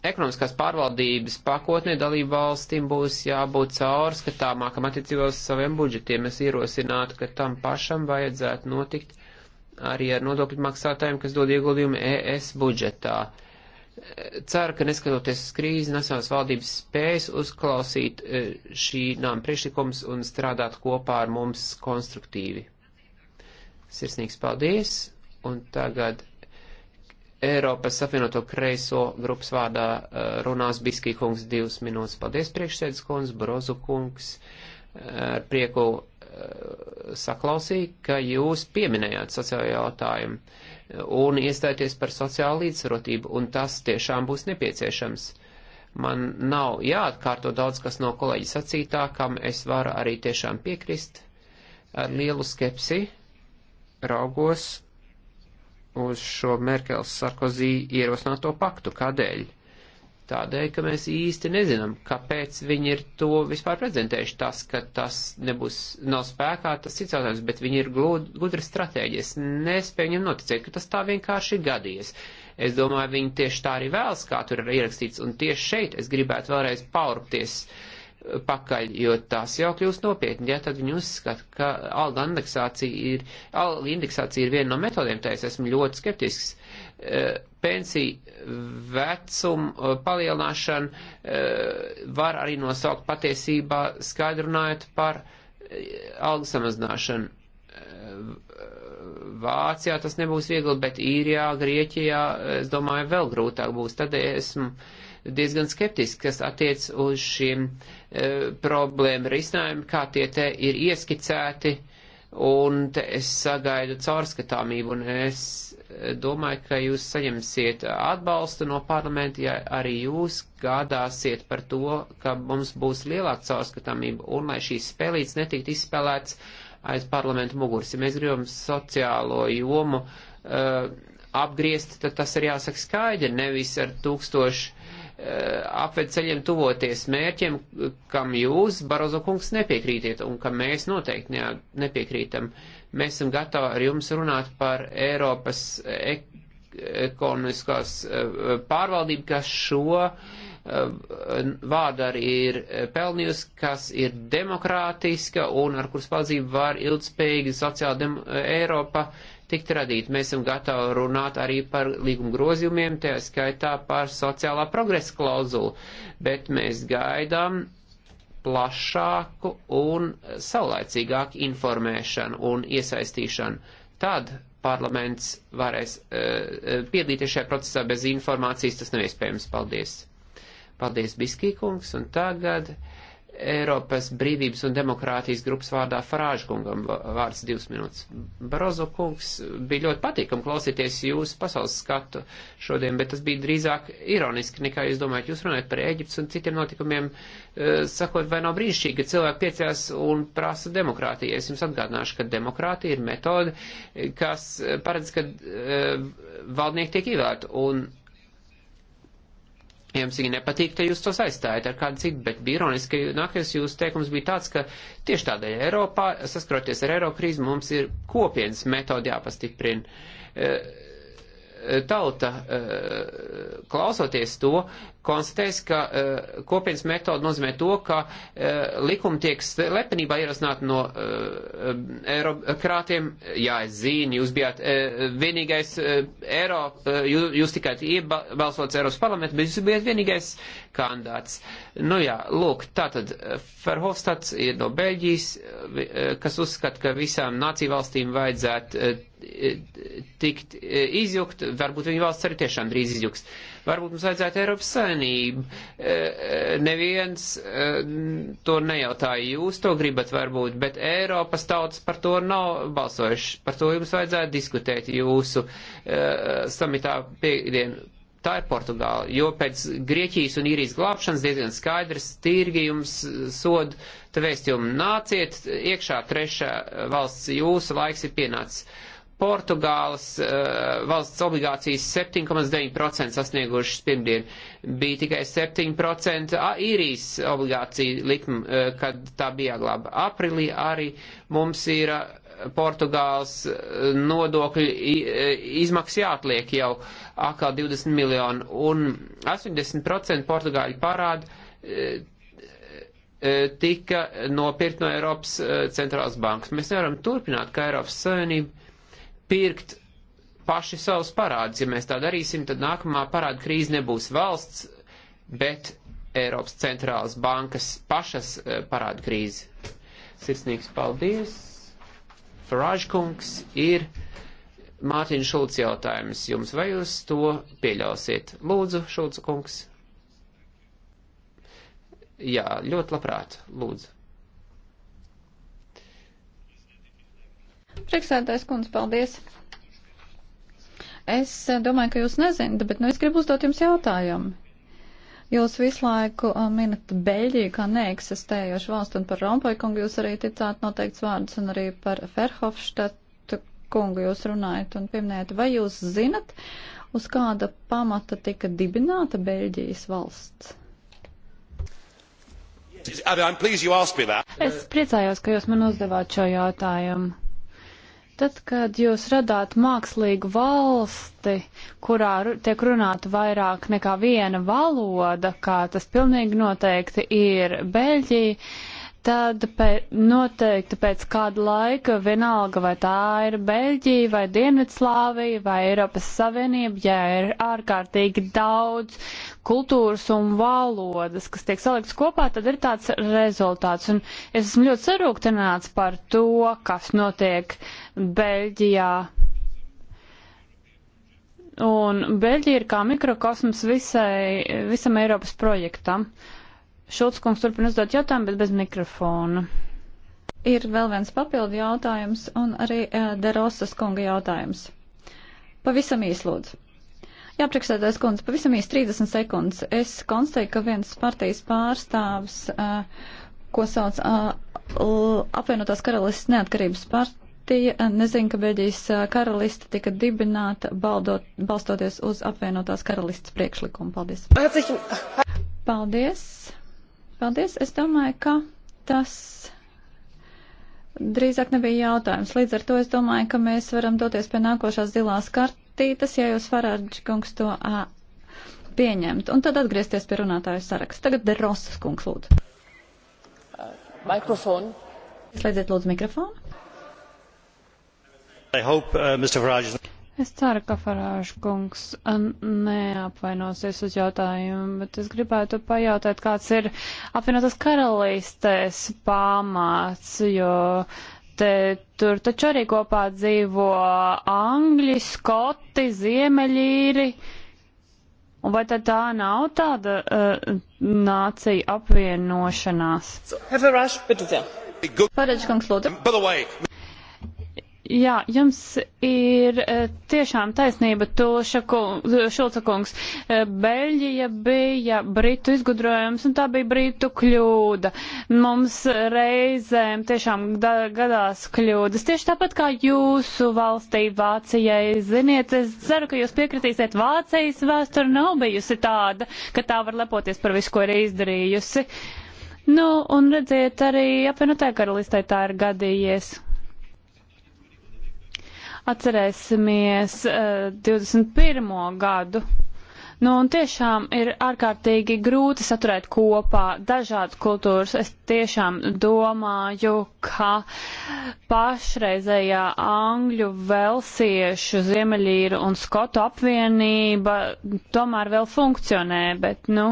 ekonomiskās pārvaldības pakotnē dalību valstīm būs jābūt caurskatāmākam attiecībā uz saviem budžetiem. Es ierosinātu, ka tam pašam vajadzētu notikt arī ar nodokļu maksātājiem, kas dod ieguldījumu ES budžetā. Ceru, ka neskatoties uz krīzi, nacionālās valdības spējas uzklausīt e, šī nām priekšlikums un strādāt kopā ar mums konstruktīvi. Sirsnīgs paldies, un tagad Eiropas Savienoto kreiso grupas vārdā eh, runās Biskī kungs divas minūtes. Paldies, priekšsēdus kungs, Brozu eh, kungs. Ar prieku eh, saklausīju, ka jūs pieminējāt sociālo jautājumu un iestāties par sociālu līdzsvarotību, un tas tiešām būs nepieciešams. Man nav jāatkārto daudz, kas no kolēģi sacītā, kam es varu arī tiešām piekrist ar lielu skepsi, raugos uz šo Merkels Sarkozī ierosināto paktu. Kādēļ? Tādēļ, ka mēs īsti nezinām, kāpēc viņi ir to vispār prezentējuši. Tas, ka tas nebūs, nav spēkā, tas cits jautājums, bet viņi ir gudri stratēģijas. Nespēju viņam noticēt, ka tas tā vienkārši ir gadījies. Es domāju, viņi tieši tā arī vēlas, kā tur ir ierakstīts, un tieši šeit es gribētu vēlreiz paurpties. Uh, pakaļ, jo tas jau kļūst nopietni, ja tad viņi uzskata, ka alga indeksācija ir, alga indeksācija ir viena no metodiem, tā es esmu ļoti skeptisks. E, pensiju vecumu e, palielināšanu e, var arī nosaukt patiesībā skaidrunājot par algu samazināšanu. Vācijā tas nebūs viegli, bet īrijā, Grieķijā, es domāju, vēl grūtāk būs. Tad esmu diezgan skeptisks, kas attiec uz šiem uh, problēma risinājumi, kā tie te ir ieskicēti, un te es sagaidu caurskatāmību, un es domāju, ka jūs saņemsiet atbalstu no parlamenta, ja arī jūs gādāsiet par to, ka mums būs lielāka caurskatāmība, un lai šīs spēlītes netikt izspēlēts aiz parlamenta muguras. Ja mēs gribam sociālo jomu uh, apgriezt, tad tas ir jāsaka skaidri, nevis ar tūkstošu Eh, apved ceļiem tuvoties mērķiem, kam jūs, Barozo kungs, nepiekrītiet un kam mēs noteikti ne, nepiekrītam. Mēs esam gatavi ar jums runāt par Eiropas ekonomiskās eh, pārvaldību, kas šo eh, vārdu arī ir pelnījusi, kas ir demokrātiska un ar kuras palīdzību var ilgspējīgi sociāla Eiropa uh, tikt radīti. Mēs esam gatavi runāt arī par līguma grozījumiem, tajā skaitā par sociālā progresa klauzulu, bet mēs gaidām plašāku un saulaicīgāku informēšanu un iesaistīšanu. Tad parlaments varēs uh, piedalīties šajā procesā bez informācijas, tas nav iespējams. Paldies! Paldies, Biskīkungs, un tagad. Uh, Eiropas brīvības un demokrātijas grupas vārdā Farāžkungam vārds divas minūtes. Barozo kungs bija ļoti patīkam klausīties jūsu pasaules skatu šodien, bet tas bija drīzāk ironiski nekā jūs domājat. Jūs runājat par Eģiptes un citiem notikumiem, eh, sakot, vai nav brīnišķīgi, ka cilvēki piecās un prasa demokrātiju. Es jums atgādināšu, ka demokrātija ir metode, kas eh, paredz, ka eh, valdnieki tiek ievēlēti un Jums viņa nepatīk, ka jūs tos aizstājat ar kādu citu, bet bija ironiski, ka nākamais jūsu teikums bija tāds, ka tieši tādēļ Eiropā, saskroties ar Eiropu krīzi, mums ir kopienas metodi jāpastiprina. Eh, eh, tauta, eh, klausoties to, konstatējis, ka uh, kopienas metoda nozīmē to, ka uh, likumi tiek slepenībā ierosināti no uh, eirokrātiem. Jā, es zinu, jūs bijāt uh, vienīgais uh, eiro, uh, jūs, jūs tikai iebalsots Eiropas parlamentu, bet jūs bijāt vienīgais kandāts. Nu jā, lūk, tātad Ferhofstads ir no Beļģijas, uh, kas uzskata, ka visām nāciju valstīm vajadzētu uh, tikt uh, izjukt, varbūt viņa valsts arī tiešām drīz izjuks. Uh, Varbūt mums vajadzētu Eiropas saimnību. E, e, neviens e, to nejautāja, jūs to gribat varbūt, bet Eiropas tautas par to nav balsojuši. Par to jums vajadzētu diskutēt jūsu samitā piekdien. Tā ir Portugāla, jo pēc Grieķijas un Īrijas glābšanas diezgan skaidrs tirgi jums sod, tevēst jums nāciet, iekšā trešā valsts jūsu laiks ir pienācis. Uh, Portugāles uh, valsts obligācijas 7,9% sasniegušas pirmdien. Bija tikai 7% īrijas obligācija likme, uh, kad tā bija jāglāba. Aprilī arī mums ir uh, Portugāles uh, nodokļu izmaksas jāatliek jau atkal 20 miljonu un 80% Portugāļu parādu uh, tika nopirkt no Eiropas centrālās bankas. Mēs nevaram turpināt, ka Eiropas Savienība pirkt paši savus parādus. Ja mēs tā darīsim, tad nākamā parāda krīze nebūs valsts, bet Eiropas centrālas bankas pašas eh, parāda krīze. Sirsnīgs paldies! Farāžkungs ir Mārtiņš Šulc jautājums jums, vai jūs to pieļausiet? Lūdzu, Šulc kungs. Jā, ļoti labprāt, lūdzu. Priekšsēdētājs kundze, paldies! Es eh, domāju, ka jūs nezināt, bet nu, es gribu uzdot jums jautājumu. Jūs visu laiku eh, minat Beļģiju kā neeksistējošu valstu un par Rompoju kungu jūs arī ticāt noteikts vārdus un arī par Ferhofštatu kungu jūs runājat un pieminējat. Vai jūs zinat, uz kāda pamata tika dibināta Beļģijas valsts? Es priecājos, ka jūs man uzdevāt šo jautājumu. Tad, kad jūs radāt mākslīgu valsti, kurā tiek runāta vairāk nekā viena valoda, kā tas pilnīgi noteikti ir Beļģija, tad pēc, noteikti pēc kāda laika, vienalga vai tā ir Beļģija vai Dienvidslāvija vai Eiropas Savienība, ja ir ārkārtīgi daudz kultūras un valodas, kas tiek salikts kopā, tad ir tāds rezultāts. Un es esmu ļoti sarūktināts par to, kas notiek Beļģijā. Un Beļģija ir kā mikrokosms visai, visam Eiropas projektam. Uh, Šulc kungs turpina uzdot jautājumu, bet bez mikrofona. Ir vēl viens papildu jautājums un arī uh, e, Derosas kunga jautājums. Pavisam īslūdzu. Jā, priekšsēdājs kundze, pavisam īsti 30 sekundes. Es konstatēju, ka viens partijas pārstāvs, uh, ko sauc uh, apvienotās karalistas neatkarības partija, uh, nezinu, ka Beļģijas karalista tika dibināta baldot, balstoties uz apvienotās karalistas priekšlikumu. Paldies. Paldies. Paldies. Es domāju, ka tas drīzāk nebija jautājums. Līdz ar to es domāju, ka mēs varam doties pie nākošās zilās kartītes, ja jūs Farāģis kungs to ā, pieņemt. Un tad atgriezties pie runātāju saraksta. Tagad Derosas kungs lūdzu. Uh, mikrofonu. Slēdziet lūdzu mikrofonu. I hope, uh, Mr. Farage... Es ceru, ka Farāžu kungs neapvainosies uz jautājumu, bet es gribētu pajautāt, kāds ir apvienotās karalīstēs pamāts, jo te, tur taču arī kopā dzīvo Angļi, Skoti, Ziemeļīri. Un vai tad tā nav tāda uh, nācija apvienošanās? So, Farāžu kungs, lūdzu. Jā, jums ir eh, tiešām taisnība, Šulca kungs. Eh, Beļģija bija Britu izgudrojums, un tā bija Britu kļūda. Mums reizēm tiešām gadās kļūdas. Tieši tāpat kā jūsu valstī Vācijai, ziniet, es ceru, ka jūs piekritīsiet, Vācijas vēsture nav bijusi tāda, ka tā var lepoties par visu, ko ir izdarījusi. Nu, un redziet, arī apvienotā karalistē tā ir gadījies. Atcerēsimies uh, eh, 21. gadu. Nu, un tiešām ir ārkārtīgi grūti saturēt kopā dažādas kultūras. Es tiešām domāju, ka pašreizējā angļu, velsiešu, ziemeļīru un skotu apvienība tomēr vēl funkcionē, bet, nu,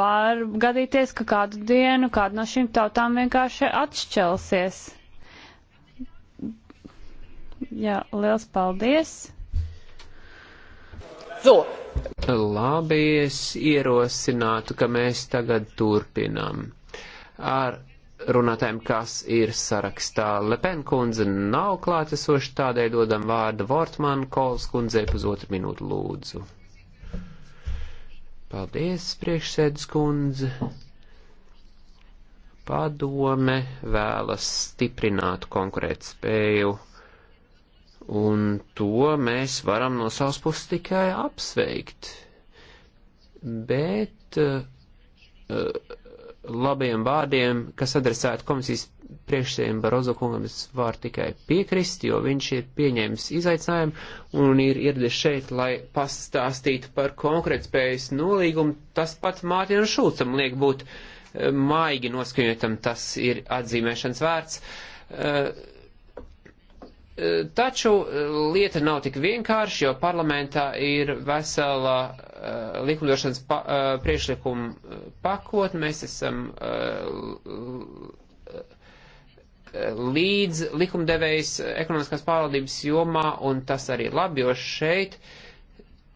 var gadīties, ka kādu dienu kāda no šīm tautām vienkārši atšķelsies. Jā, liels paldies! So. Labi, es ierosinātu, ka mēs tagad turpinām ar runātājiem, kas ir sarakstā. Lepen kundze nav klātesoši, tādēļ dodam vārdu Vortman Kols kundzei pusotru minūtu lūdzu. Paldies, priekšsēdus kundze padome vēlas stiprināt konkurētspēju Un to mēs varam no savas puses tikai apsveikt. Bet uh, labiem vārdiem, kas adresētu komisijas priekšsēdiem Barozo kungam, es varu tikai piekrist, jo viņš ir pieņēmis izaicinājumu un ir ieradies šeit, lai pastāstītu par konkrētspējas nolīgumu. Tas pat Mātienam Šulcam liek būt eh, maigi noskaņotam, tas ir atzīmēšanas vērts. Uh, Taču e, lieta nav tik vienkārša, jo parlamentā ir vesela uh, likumdošanas pa, uh, e, priekšlikuma pakot. Mēs esam uh, līdz likumdevējs ekonomiskās pārvaldības jomā, un tas arī ir labi, jo šeit uh,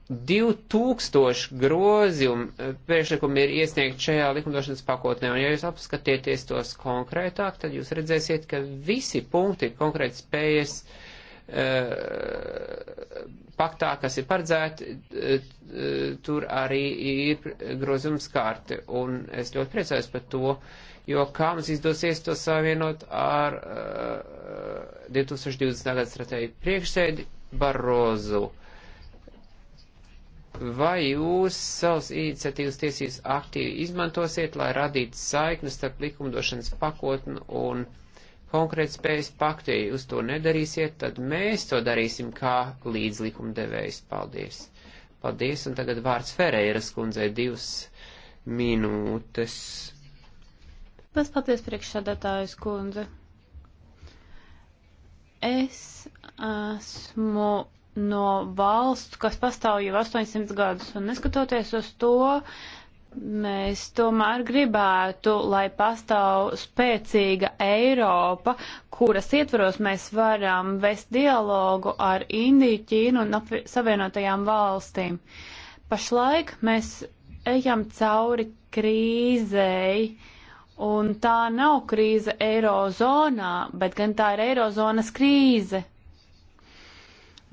2000 grozījumu eh, priekšlikumi ir iesniegt šajā likumdošanas pakotnē, un ja jūs apskatieties tos konkrētāk, tad jūs redzēsiet, ka visi punkti konkrēti spējas uh, paktā, kas ir paredzēti, uh, tur arī ir grozījums kārti, un es ļoti priecājos par to, jo kā mums izdosies to savienot ar uh, 2020. gada stratēģiju priekšsēdi Barozu. Uh, Vai jūs savus iniciatīvas tiesības aktīvi izmantosiet, lai radītu saiknes starp likumdošanas pakotni un konkrēti spējas paktu? Ja jūs to nedarīsiet, tad mēs to darīsim kā līdzlikumdevējs. Paldies! Paldies! Un tagad vārds Ferreiras kundzei divas minūtes. Pēc paldies priekšsādātājas kundze. Es esmu no valsts, kas pastāv jau 800 gadus, un neskatoties uz to, mēs tomēr gribētu, lai pastāv spēcīga Eiropa, kuras ietvaros mēs varam vest dialogu ar Indiju, Ķīnu un Savienotajām valstīm. Pašlaik mēs ejam cauri krīzei, un tā nav krīze Eirozonā, bet gan tā ir Eirozonas krīze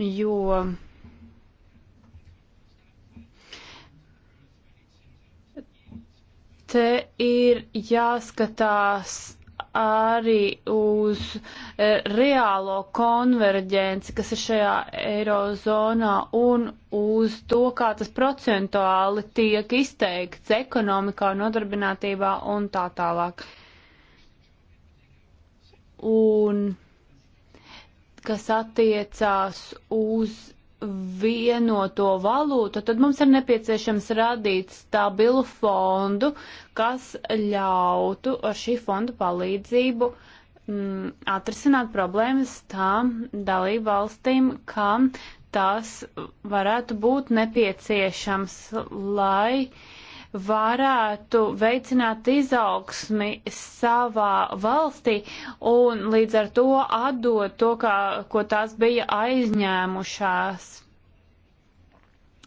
jo te ir jāskatās arī uz e, reālo konverģenci, kas ir šajā eirozonā, un uz to, kā tas procentuāli tiek izteikts ekonomikā, nodarbinātībā un tā tālāk. Un kas attiecās uz vienoto valūtu, tad mums ir nepieciešams radīt stabilu fondu, kas ļautu ar šī fonda palīdzību m, mm, atrisināt problēmas tām dalību valstīm, kam tas varētu būt nepieciešams, lai uh, varētu veicināt izaugsmi savā valstī un līdz ar to atdot to, kā, ko tās bija aizņēmušās,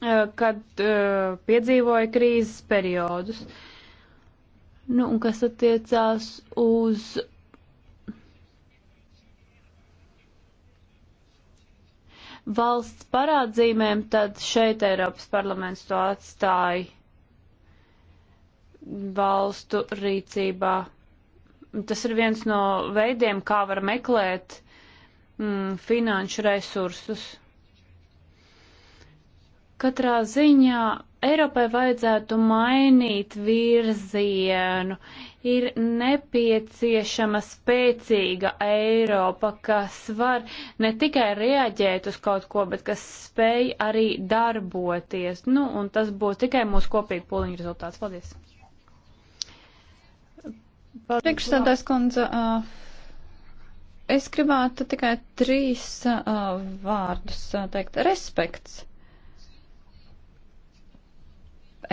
eh, kad uh, piedzīvoja krīzes periodus. Nu, un kas attiecās uz valsts parādzīmēm, tad šeit Eiropas parlaments to atstāja valstu rīcībā. Tas ir viens no veidiem, kā var meklēt mm, finanšu resursus. Katrā ziņā Eiropai vajadzētu mainīt virzienu. Ir nepieciešama spēcīga Eiropa, kas var ne tikai reaģēt uz kaut ko, bet kas spēj arī darboties. Nu, un tas būs tikai mūsu kopīgi pūliņu rezultāts. Paldies! Priekšsēdētājs kundze, es gribētu tikai trīs vārdus teikt. Respekts.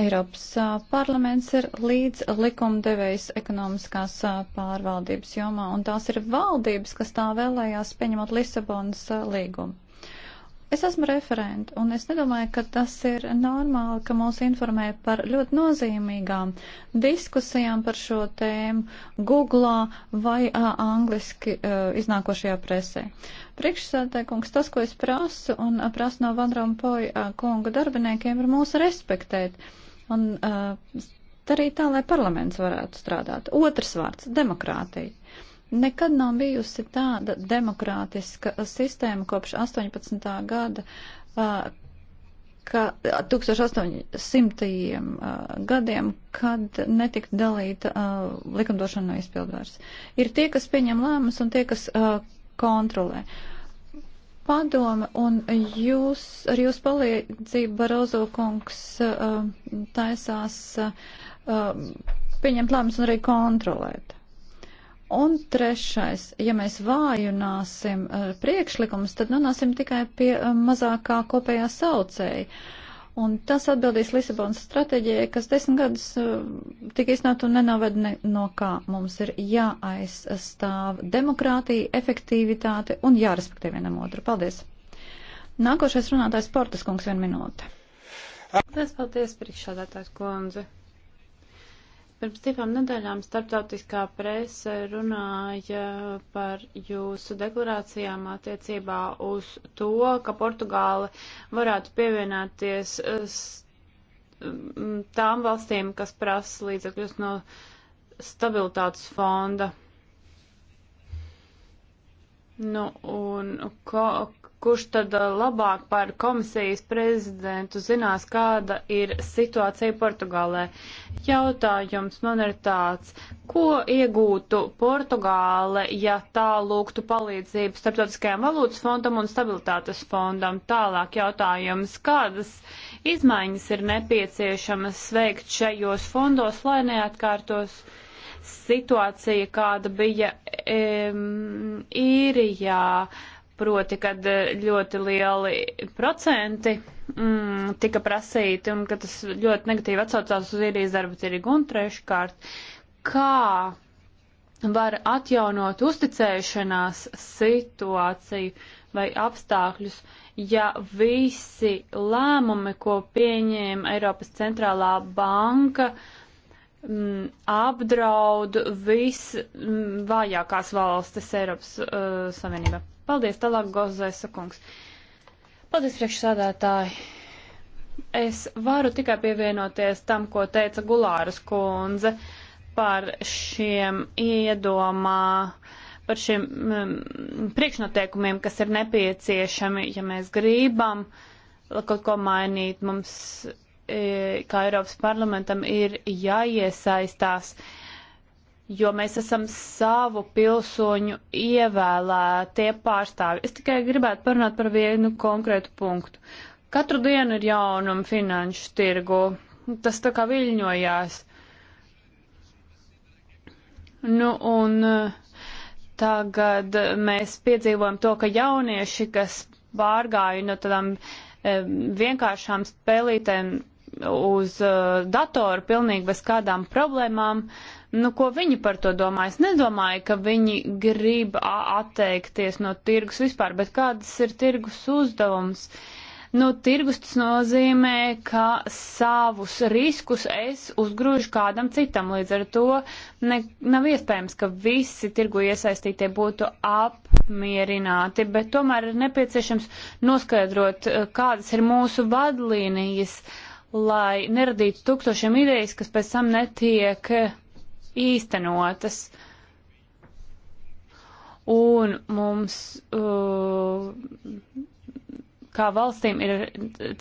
Eiropas parlaments ir līdz likumdevējs ekonomiskās pārvaldības jomā, un tās ir valdības, kas tā vēlējās pieņemot Lisabonas līgumu. Es esmu referenta, un es nedomāju, ka tas ir normāli, ka mūs informē par ļoti nozīmīgām diskusijām par šo tēmu Googlā vai uh, angliski uh, iznākošajā presē. Priekšsēdētājkungs, tas, ko es prasu un uh, prasu no Van Rompuy uh, kunga darbiniekiem, ir mūs respektēt. Un uh, darīt tā, lai parlaments varētu strādāt. Otrs vārds - demokrātija. Nekad nav bijusi tāda demokrātiska sistēma kopš 18. gada, ka 1800. gadiem, kad netika dalīta likumdošana no izpildvars. Ir tie, kas pieņem lēmumus un tie, kas kontrolē. Padome un jūs, ar jūs palīdzību Barozo kungs taisās pieņemt lēmumus un arī kontrolēt. Un trešais, ja mēs vājināsim eh, priekšlikumus, tad nonāsim tikai pie eh, mazākā kopējā saucēja. Un tas atbildīs Lisabonas stratēģijai, kas desmit gadus eh, tika iznākt un nenoved ne no kā. Mums ir jāaizstāv demokrātija, efektivitāte un jārespektē vienam otru. Paldies! Nākošais runātājs Portas kungs vien minūte. Paldies, paldies, priekšādātājs kundze. Pirms divām nedēļām starptautiskā prese runāja par jūsu deklarācijām attiecībā uz to, ka Portugāla varētu pievienoties tām valstīm, kas prasa līdzekļus no stabilitātes fonda. Nu, un ko, kurš tad labāk par komisijas prezidentu zinās, kāda ir situācija Portugālē. Jautājums man ir tāds, ko iegūtu Portugāle, ja tā lūgtu palīdzību starptautiskajam valūtas fondam un stabilitātes fondam? Tālāk jautājums, kādas izmaiņas ir nepieciešamas veikt šajos fondos, lai neatkārtos? situācija, kāda bija um, e, īrijā, proti, kad eh, ļoti lieli procenti mm, tika prasīti un ka tas ļoti negatīvi atsaucās uz īrijas darba tirgu un treškārt, kā var atjaunot uzticēšanās situāciju vai apstākļus, ja visi lēmumi, ko pieņēma Eiropas centrālā banka, m, mm, apdraud visvājākās mm, valstis Eiropas uh, eh, Savienībā. Paldies, tālāk Gozēsa kungs. Paldies, priekšsādātāji. Es varu tikai pievienoties tam, ko teica Gulāras kundze par šiem iedomā, par šiem um, priekšnoteikumiem, kas ir nepieciešami, ja mēs gribam kaut ko mainīt. Mums, e, kā Eiropas parlamentam, ir jāiesaistās. Uh, jo mēs esam savu pilsoņu ievēlētie pārstāvi. Es tikai gribētu parunāt par vienu konkrētu punktu. Katru dienu ir jaunumi finanšu tirgu. Tas tā kā viļņojās. Nu, un eh, tagad mēs piedzīvojam to, ka jaunieši, kas pārgāja no tādām eh, vienkāršām spēlītēm uz eh, datoru pilnīgi bez kādām problēmām, uh, nu, ko viņi par to domā. Es nedomāju, ka viņi grib atteikties no tirgus vispār, bet kādas ir tirgus uzdevums? Nu, tirgus tas nozīmē, ka savus riskus es uzgrūžu kādam citam. Līdz ar to ne, nav iespējams, ka visi tirgu iesaistītie būtu apmierināti, bet tomēr ir nepieciešams noskaidrot, eh, kādas ir mūsu vadlīnijas, lai neradītu tūkstošiem idejas, kas pēc tam netiek eh, īstenotas. Un mums, uh, kā valstīm, ir,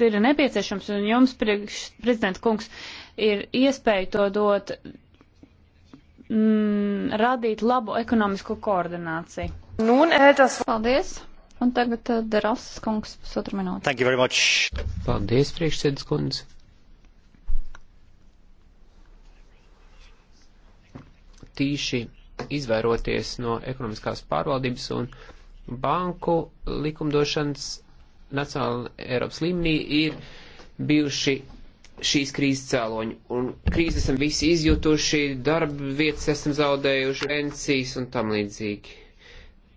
ir nepieciešams, un jums, priekš, prezidenta kungs, ir iespēja to dot, m, mm, radīt labu ekonomisko koordināciju. Nun, tas... Eh, Paldies! Un tagad eh, Derasas kungs pusotru minūti. Paldies, priekšsēdus kundze! tīši izvairoties no ekonomiskās pārvaldības un banku likumdošanas nacionāla Eiropas līmenī ir bijuši šīs krīzes cēloņi. Un krīzes esam visi izjutuši, darba vietas esam zaudējuši, pensijas un tam līdzīgi.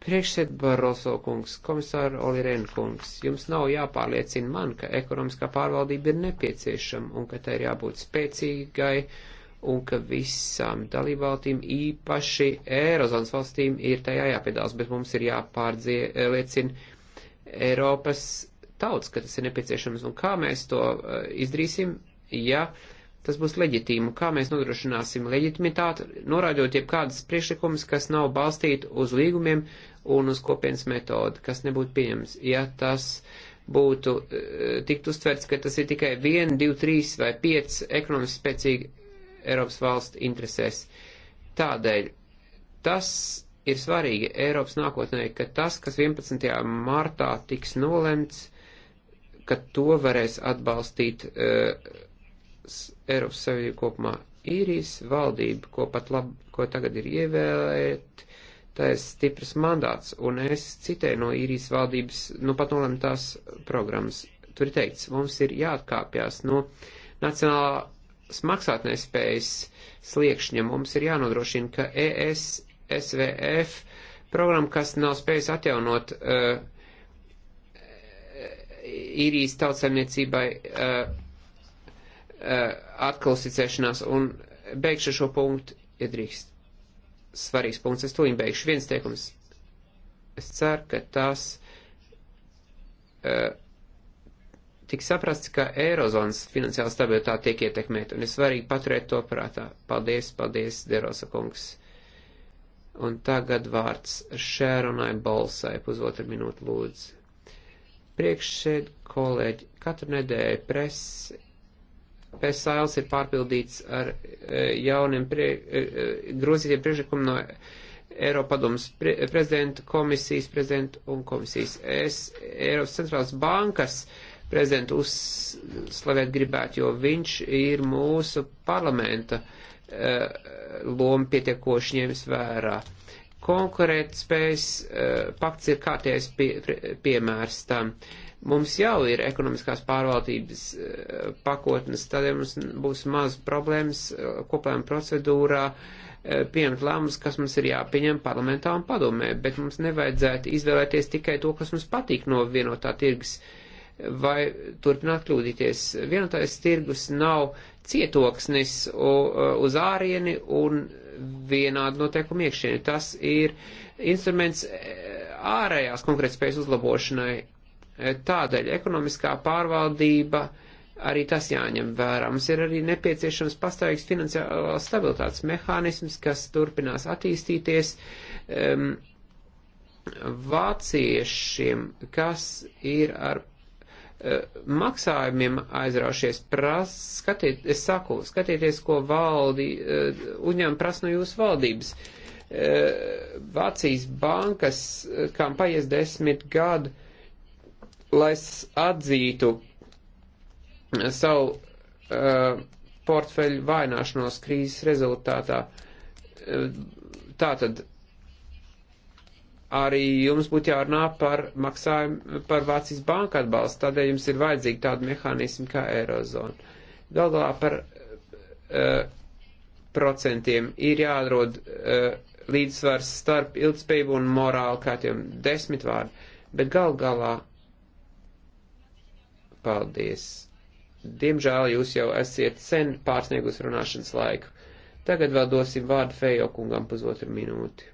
Priekšsēd Baroso kungs, komisāra Olirēna kungs, jums nav jāpārliecina man, ka ekonomiskā pārvaldība ir nepieciešama un ka tai ir jābūt spēcīgai un ka visām dalībvalstīm, īpaši Eirozonas valstīm, ir tajā jāpiedalās, bet mums ir jāpārliecina Eiropas tauts, ka tas ir nepieciešams, un kā mēs to uh, izdarīsim, ja tas būs leģitīmu, kā mēs nodrošināsim leģitimitāti, norādot jebkādas priekšlikumus, kas nav balstīti uz līgumiem un uz kopienas metodu, kas nebūtu pieņems, ja tas būtu uh, tikt uztverts, ka tas ir tikai 1, 2, 3 vai 5 ekonomiski spēcīgi Eiropas valstu interesēs. Tādēļ tas ir svarīgi Eiropas nākotnē, ka tas, kas 11. martā tiks nolemts, ka to varēs atbalstīt uh, Eiropas Savienību kopumā. Īrijas valdība, ko pat lab, ko tagad ir ievēlēt, tā ir stiprs mandāts, un es citēju no īrijas valdības, nu pat nolemtās programmas. Tur ir teikts, mums ir jāatkāpjas no nacionālā smaksātnespējas sliekšņa mums ir jānodrošina, ka ES, SVF programma, kas nav spējis atjaunot uh, īrijas tautsaimniecībai uh, uh, atklausīcēšanās un beigšu šo punktu, ja drīkst. Svarīgs punkts, es tūlīt beigšu viens teikums. Es ceru, ka tās. Uh, tik saprasts, ka Eirozonas finansiāla stabilitāte tiek ietekmēta, un ir svarīgi paturēt to prātā. Paldies, paldies, Derosa kungs. Un tagad vārds Šēronai Balsai, pusotra minūte lūdzu. Priekšsēd kolēģi, katru nedēļu press, PSALs ir pārpildīts ar e, jauniem prie, e, e, grozītiem priekšlikumiem no Eiropadomas pre, prezidenta, komisijas prezidenta un komisijas. Es, Eiropas centrālās bankas, uh, prezidentu uzslavēt gribētu, jo viņš ir mūsu parlamenta eh, loma pietiekoši ņems vērā. Konkurētspējas eh, pakts ir kārtējais pie, piemērs tam. Mums jau ir ekonomiskās pārvaldības eh, pakotnes, tādēļ mums būs maz problēmas kopējām procedūrā pieņemt lēmumus, kas mums ir jāpieņem parlamentā un padomē, bet mums nevajadzētu izvēlēties tikai to, kas mums patīk no vienotā tirgus uh, vai turpināt kļūdīties. Vienotais tirgus nav cietoksnis e, uz ārieni un vienādi noteikumi iekšieni. Tas ir instruments e, ārējās konkrētspējas uzlabošanai. E, tādēļ ekonomiskā pārvaldība arī tas jāņem vērā. Mums ir arī nepieciešams pastāvīgs finansiālās stabilitātes mehānisms, kas turpinās attīstīties. Um, vāciešiem, kas ir ar Eh, maksājumiem aizraušies, pras, skatiet, es saku, skatieties, ko valdi, eh, uzņēma prasa no jūsu valdības. Eh, Vācijas bankas, kam paies desmit gadu, lai atzītu savu uh, portfeļu vaināšanos krīzes rezultātā. Tātad arī jums būtu jārunā par maksājumu par Vācijas banka atbalstu, tādēļ jums ir vajadzīgi tādi mehānismi kā Eirozona. Galu galā par uh, procentiem ir jāatrod uh, līdzsvars starp ilgspējību un morālu, kā tiem desmit vārdi, bet galu galā paldies. Diemžēl jūs jau esat sen pārsniegus runāšanas laiku. Tagad vēl dosim vārdu Fejo kungam pusotru minūti.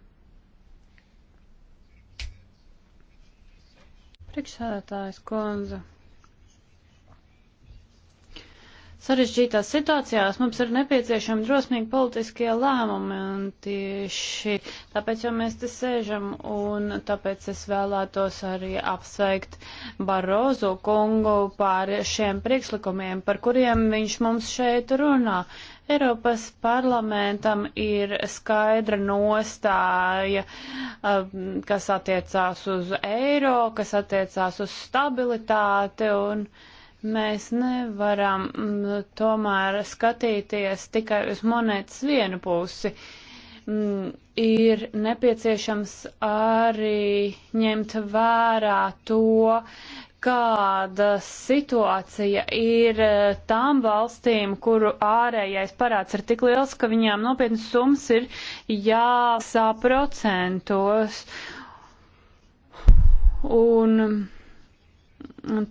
Priekšsēdētājs Konza. Sarežģītās situācijās mums ir nepieciešami drosmīgi politiskie lēmumi, un tieši tāpēc jau mēs te sēžam, un tāpēc es vēlētos arī apsveikt Barozu kungu par šiem priekšlikumiem, par kuriem viņš mums šeit runā. Eiropas parlamentam ir skaidra nostāja, um, kas attiecās uz eiro, kas attiecās uz stabilitāti, un mēs nevaram mm, tomēr skatīties tikai uz monētas vienu pusi. Mm, ir nepieciešams arī ņemt vērā to, kāda situācija ir eh, tām valstīm, kuru ārējais parāds ir tik liels, ka viņām nopietnas summas ir jāsā procentos. Un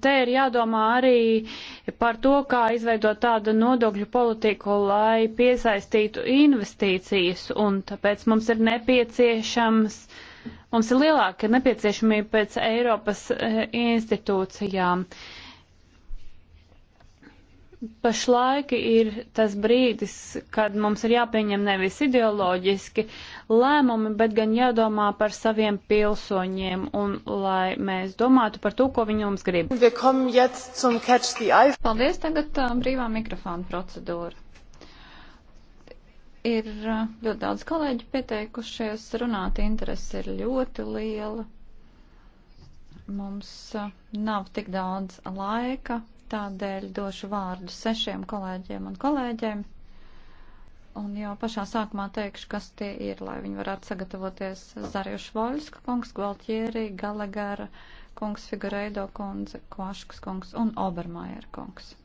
te ir jādomā arī par to, kā izveidot tādu nodokļu politiku, lai piesaistītu investīcijas, un tāpēc mums ir nepieciešams uh, Mums ir lielāka nepieciešamība pēc Eiropas eh, institūcijām. Pašlaik ir tas brīdis, kad mums ir jāpieņem nevis ideoloģiski lēmumi, bet gan jādomā par saviem pilsoņiem un lai mēs domātu par to, ko viņi mums grib. Paldies, tagad brīvā mikrofona procedūra. Ir ļoti daudz kolēģi pieteikušies, runāt interesi ir ļoti liela. Mums nav tik daudz laika, tādēļ došu vārdu sešiem kolēģiem un kolēģiem. Un jau pašā sākumā teikšu, kas tie ir, lai viņi varētu sagatavoties Zarjušu Voļska kungs, Gvaltjeri, Galegara kungs, Figureido kundze, Kvaškas kungs un Obermajer kungs.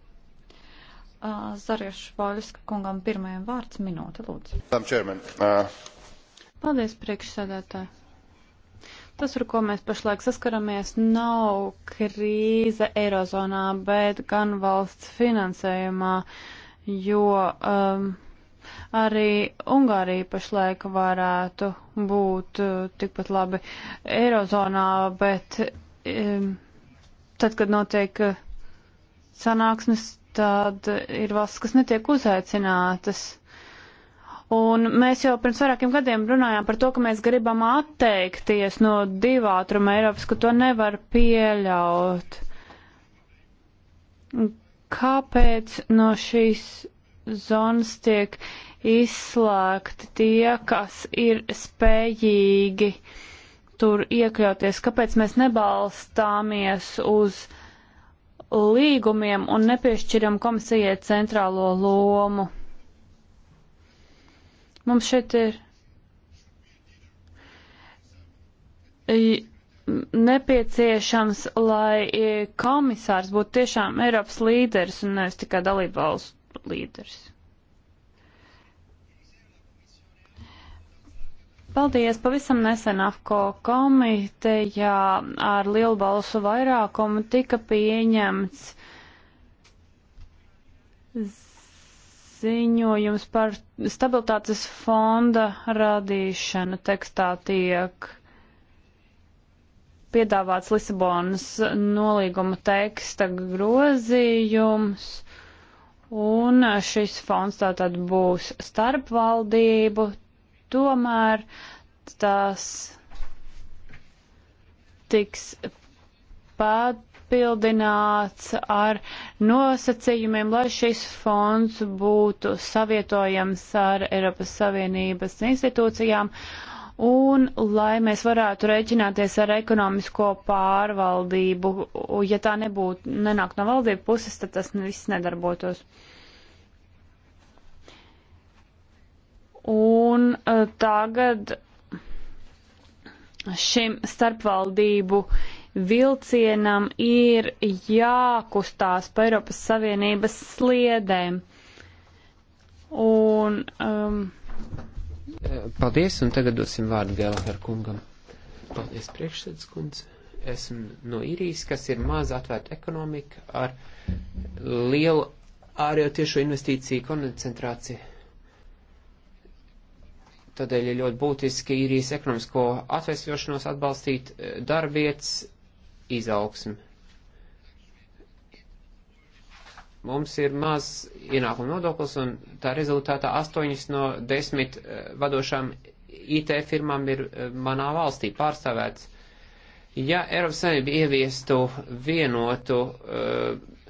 Uh, Zariešu Paļuska kungam pirmajam vārds minūte, lūdzu. Uh. Paldies, priekšsēdētāji. Tas, ar ko mēs pašlaik saskaramies, nav krīze Eirozonā, bet gan valsts finansējumā, jo um, arī Ungārija pašlaik varētu būt uh, tikpat labi Eirozonā, bet um, tad, kad notiek uh, sanāksmes, tad ir valsts, kas netiek uzaicinātas. Un mēs jau pirms vairākiem gadiem runājām par to, ka mēs gribam atteikties no divātruma Eiropas, ka to nevar pieļaut. Kāpēc no šīs zonas tiek izslēgti tie, kas ir spējīgi tur iekļauties? Kāpēc mēs nebalstāmies uz uh, līgumiem un nepiešķiram komisijai centrālo lomu. Mums šeit ir nepieciešams, lai komisārs būtu tiešām Eiropas līderis un nevis tikai dalībvalstu līderis. Paldies! Pavisam nesen AFCO komitejā ar lielu balsu vairākumu tika pieņemts ziņojums par stabilitātes fonda radīšanu. Tekstā tiek piedāvāts Lisabonas nolīguma teksta grozījums, un šis fonds tātad būs starpvaldību tomēr tās tiks papildināts ar nosacījumiem, lai šis fonds būtu savietojams ar Eiropas Savienības institūcijām un lai mēs varētu rēķināties ar ekonomisko pārvaldību. Ja tā nebūtu, nenāk no valdību puses, tad tas viss nedarbotos. Uh, Un uh, tagad šim starpvaldību vilcienam ir jākustās pa Eiropas Savienības sliedēm. Un, um, Paldies, un tagad dosim vārdu Gēlahar kungam. Paldies, priekšsēdus kundze. Esmu no īrijas, kas ir maza atvērta ekonomika ar lielu ārējo tiešo investīciju koncentrāciju Tādēļ ir ļoti būtiski īrijas ekonomisko atvesļošanos atbalstīt eh, darbietas izaugsmi. Mums ir maz ienākuma nodoklis, un tā rezultātā astoņas no desmit eh, vadošām IT firmām ir eh, manā valstī pārstāvēts. Ja Eiropas Savienība ieviestu vienotu uh,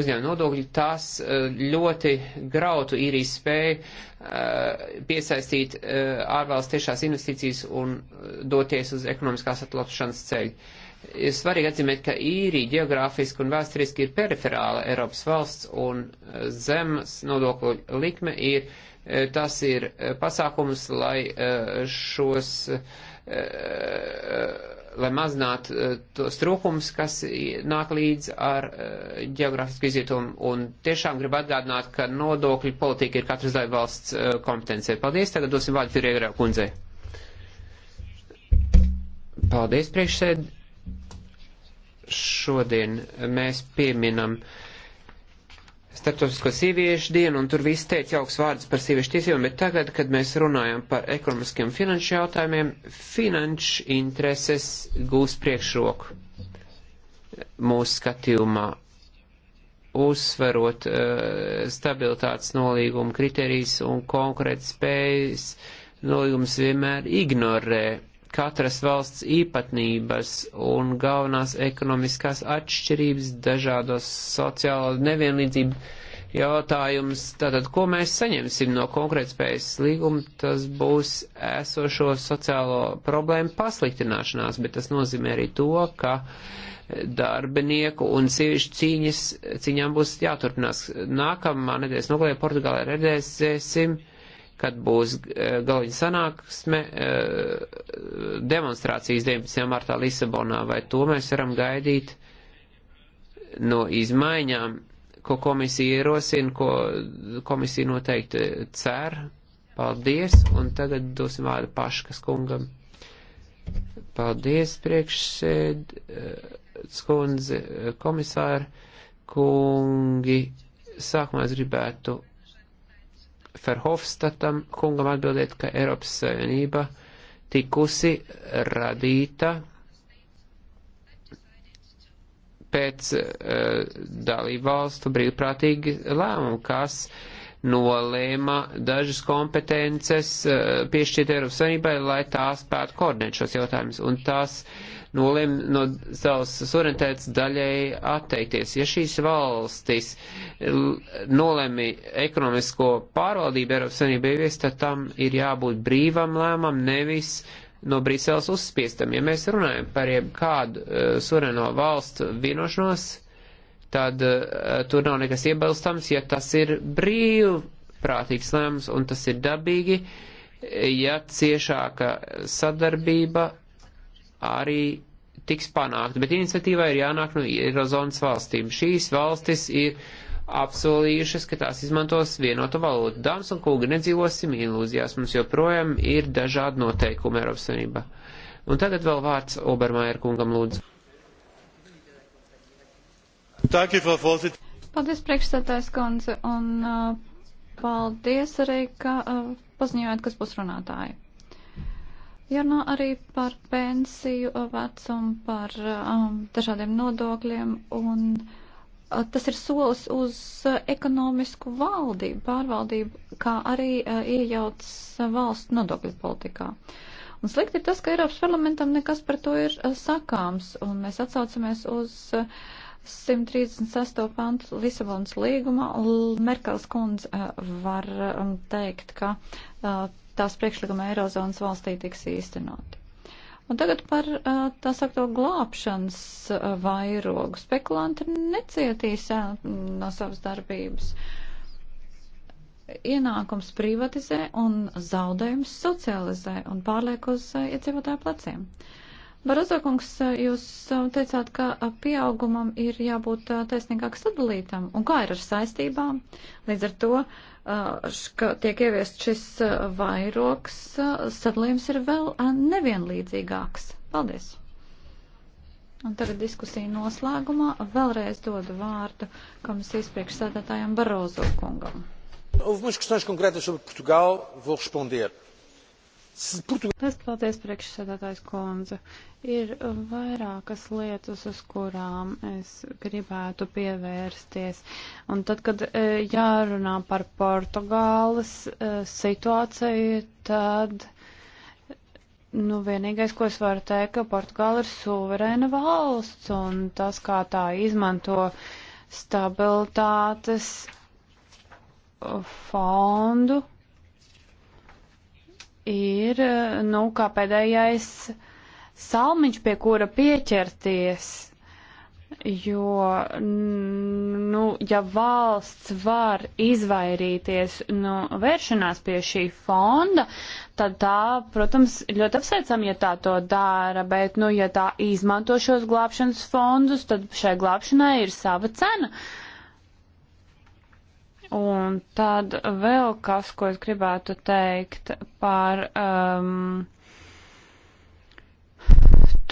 uzņēmuma nodokļi, tās eh, ļoti grautu īrijas spēju eh, piesaistīt eh, ārvalsts tiešās investīcijas un doties uz ekonomiskās atlapšanas ceļu. Ir svarīgi atzīmēt, ka īrija geogrāfiski un vēsturiski ir periferāla Eiropas valsts un zemes nodokļu likme ir, tas ir pasākums, lai šos lai mazinātu uh, eh, tos trūkums, kas nāk līdz ar uh, geogrāfisku izjūtumu. Un tiešām gribu atgādināt, ka nodokļu politika ir katras dalībvalsts uh, kompetencija. Paldies, tagad dosim vārdu Firiegrā kundzei. Paldies, priekšsēd. Šodien mēs pieminam uh, Startautisko sieviešu dienu, un tur viss teica jauks vārds par sieviešu tiesībām, bet tagad, kad mēs runājam par ekonomiskiem finanšu jautājumiem, finanšu intereses gūs priekšroku mūsu skatījumā, uzsverot uh, stabilitātes nolīguma kriterijas un konkurētas spējas nolīgums vienmēr ignorē katras valsts īpatnības un galvenās ekonomiskās atšķirības, dažādos sociālo nevienlīdzību jautājums. Tātad, ko mēs saņemsim no konkrētspējas līguma, tas būs esošo sociālo problēmu pasliktināšanās, bet tas nozīmē arī to, ka darbinieku un sieviešu cīņas, cīņām būs jāturpinās. Nākamā nedēļas nogalē Portugālē redzēsim kad būs eh, galviņa sanāksme eh, demonstrācijas 19. martā Lisabonā, vai to mēs varam gaidīt no izmaiņām, ko komisija ierosina, ko komisija noteikti cer. Paldies, un tagad dosim vārdu paškas kungam. Paldies, priekšsēd, eh, skundze, komisāri, kungi. Sākumā es gribētu Ferhofstatam kungam atbildēt, ka Eiropas Savienība tikusi radīta pēc uh, eh, dalībvalstu brīvprātīgi lēmumu, kas uh, nolēma dažas kompetences eh, piešķirt Eiropas Savienībai, lai tās spētu koordinēt šos jautājumus. Un tās nolēma no savas suverenitātes daļai atteikties. Ja šīs valstis eh, nolēma ekonomisko pārvaldību Eiropas Savienībai ieviest, tad tam ir jābūt brīvam lēmam, nevis no Briseles uzspiestam. Ja mēs runājam par jebkādu uh, suvereno valstu vienošanos, uh, tad uh, tur nav nekas iebilstams, ja tas ir brīvprātīgs lēmums un tas ir dabīgi, ja ciešāka sadarbība arī tiks panākt. Bet iniciatīvai ir jānāk no Eirozonas valstīm. Šīs valstis ir apsolījušas, ka tās izmantos vienotu valūtu. Dāmas un kungi, nedzīvosim ilūzijās, mums joprojām ir dažādi noteikumi Eiropas Savienībā. Un tagad vēl vārds Obermajer kungam lūdzu. Paldies, priekšstādājs Konze, un uh, paldies arī, ka uh, paziņojāt, kas būs runātāji. Jārunā arī par pensiju uh, vecumu, par uh, um, dažādiem nodokļiem, un uh, tas ir solis uz uh, ekonomisku valdību, pārvaldību, kā arī uh, iejauc uh, valsts nodokļu politikā. Un slikti ir tas, ka Eiropas parlamentam nekas par to ir uh, sakāms, un mēs atsaucamies uz. Uh, 138. pantu Lisabonas līgumā Merkels kundze eh, var um, teikt, ka eh, tās priekšlikuma Eirozonas valstī tiks īstenoti. Un tagad par eh, tā sakto glābšanas vairogu. Spekulanti necietīs no savas darbības. Ienākums privatizē un zaudējums socializē un pārliek uz iedzīvotāju pleciem. Uh, Barozokungs, jūs eh, teicāt, ka eh, pieaugumam ir jābūt eh, taisnīgāk sadalītam. Un kā ir ar saistībām? Līdz ar to, ka tiek ieviest šis vairoks, sadalījums ir vēl nevienlīdzīgāks. Paldies! Un tagad diskusija noslēgumā vēlreiz dodu vārdu komisijas priekšsēdētājam Barozo kungam. Houve umas questões concretas sobre Portugal, vou responder. Tas, paldies, priekšsēdētājs kundze. Ir vairākas lietas, uz kurām es gribētu pievērsties. Un tad, kad e, jārunā par Portugāles e, situāciju, tad. Nu, vienīgais, ko es varu teikt, ka Portugāla ir suverēna valsts, un tas, kā tā izmanto stabilitātes fondu, ir, nu, kā pēdējais salmiņš, pie kura pieķerties. Jo, nu, ja valsts var izvairīties no nu, vēršanās pie šī fonda, tad tā, protams, ļoti apsveicam, ja tā to dara, bet, nu, ja tā izmanto šos glābšanas fondus, tad šai glābšanai ir sava cena. Uh, Un tad vēl kas, ko es gribētu teikt par um,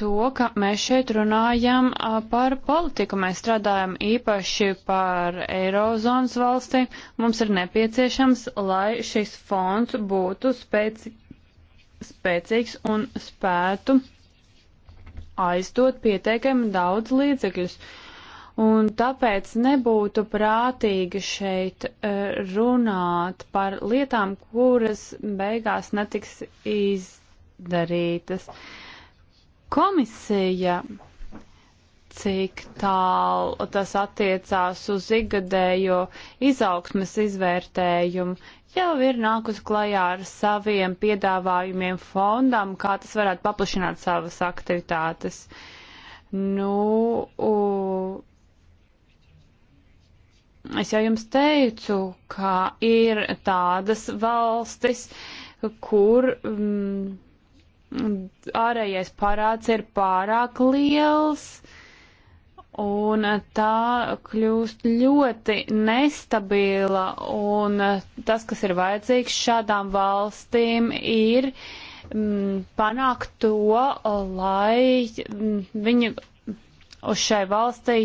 to, ka mēs šeit runājam uh, par politiku. Mēs strādājam īpaši par Eirozonas valstīm. Mums ir nepieciešams, lai šis fonds būtu spēci, spēcīgs un spētu aizdot pietiekami daudz līdzekļus. Uh, Un tāpēc nebūtu prātīgi šeit eh, runāt par lietām, kuras beigās netiks izdarītas. Komisija, cik tālu tas attiecās uz igadējo izaugsmes izvērtējumu, jau ir nākus klajā ar saviem piedāvājumiem fondam, kā tas varētu paplašināt savas aktivitātes. Nu, u Es jau jums teicu, ka ir tādas valstis, kur mm, ārējais parāds ir pārāk liels, un tā kļūst ļoti nestabila, un tas, kas ir vajadzīgs šādām valstīm, ir mm, panākt to, lai mm, viņu uz šai valstī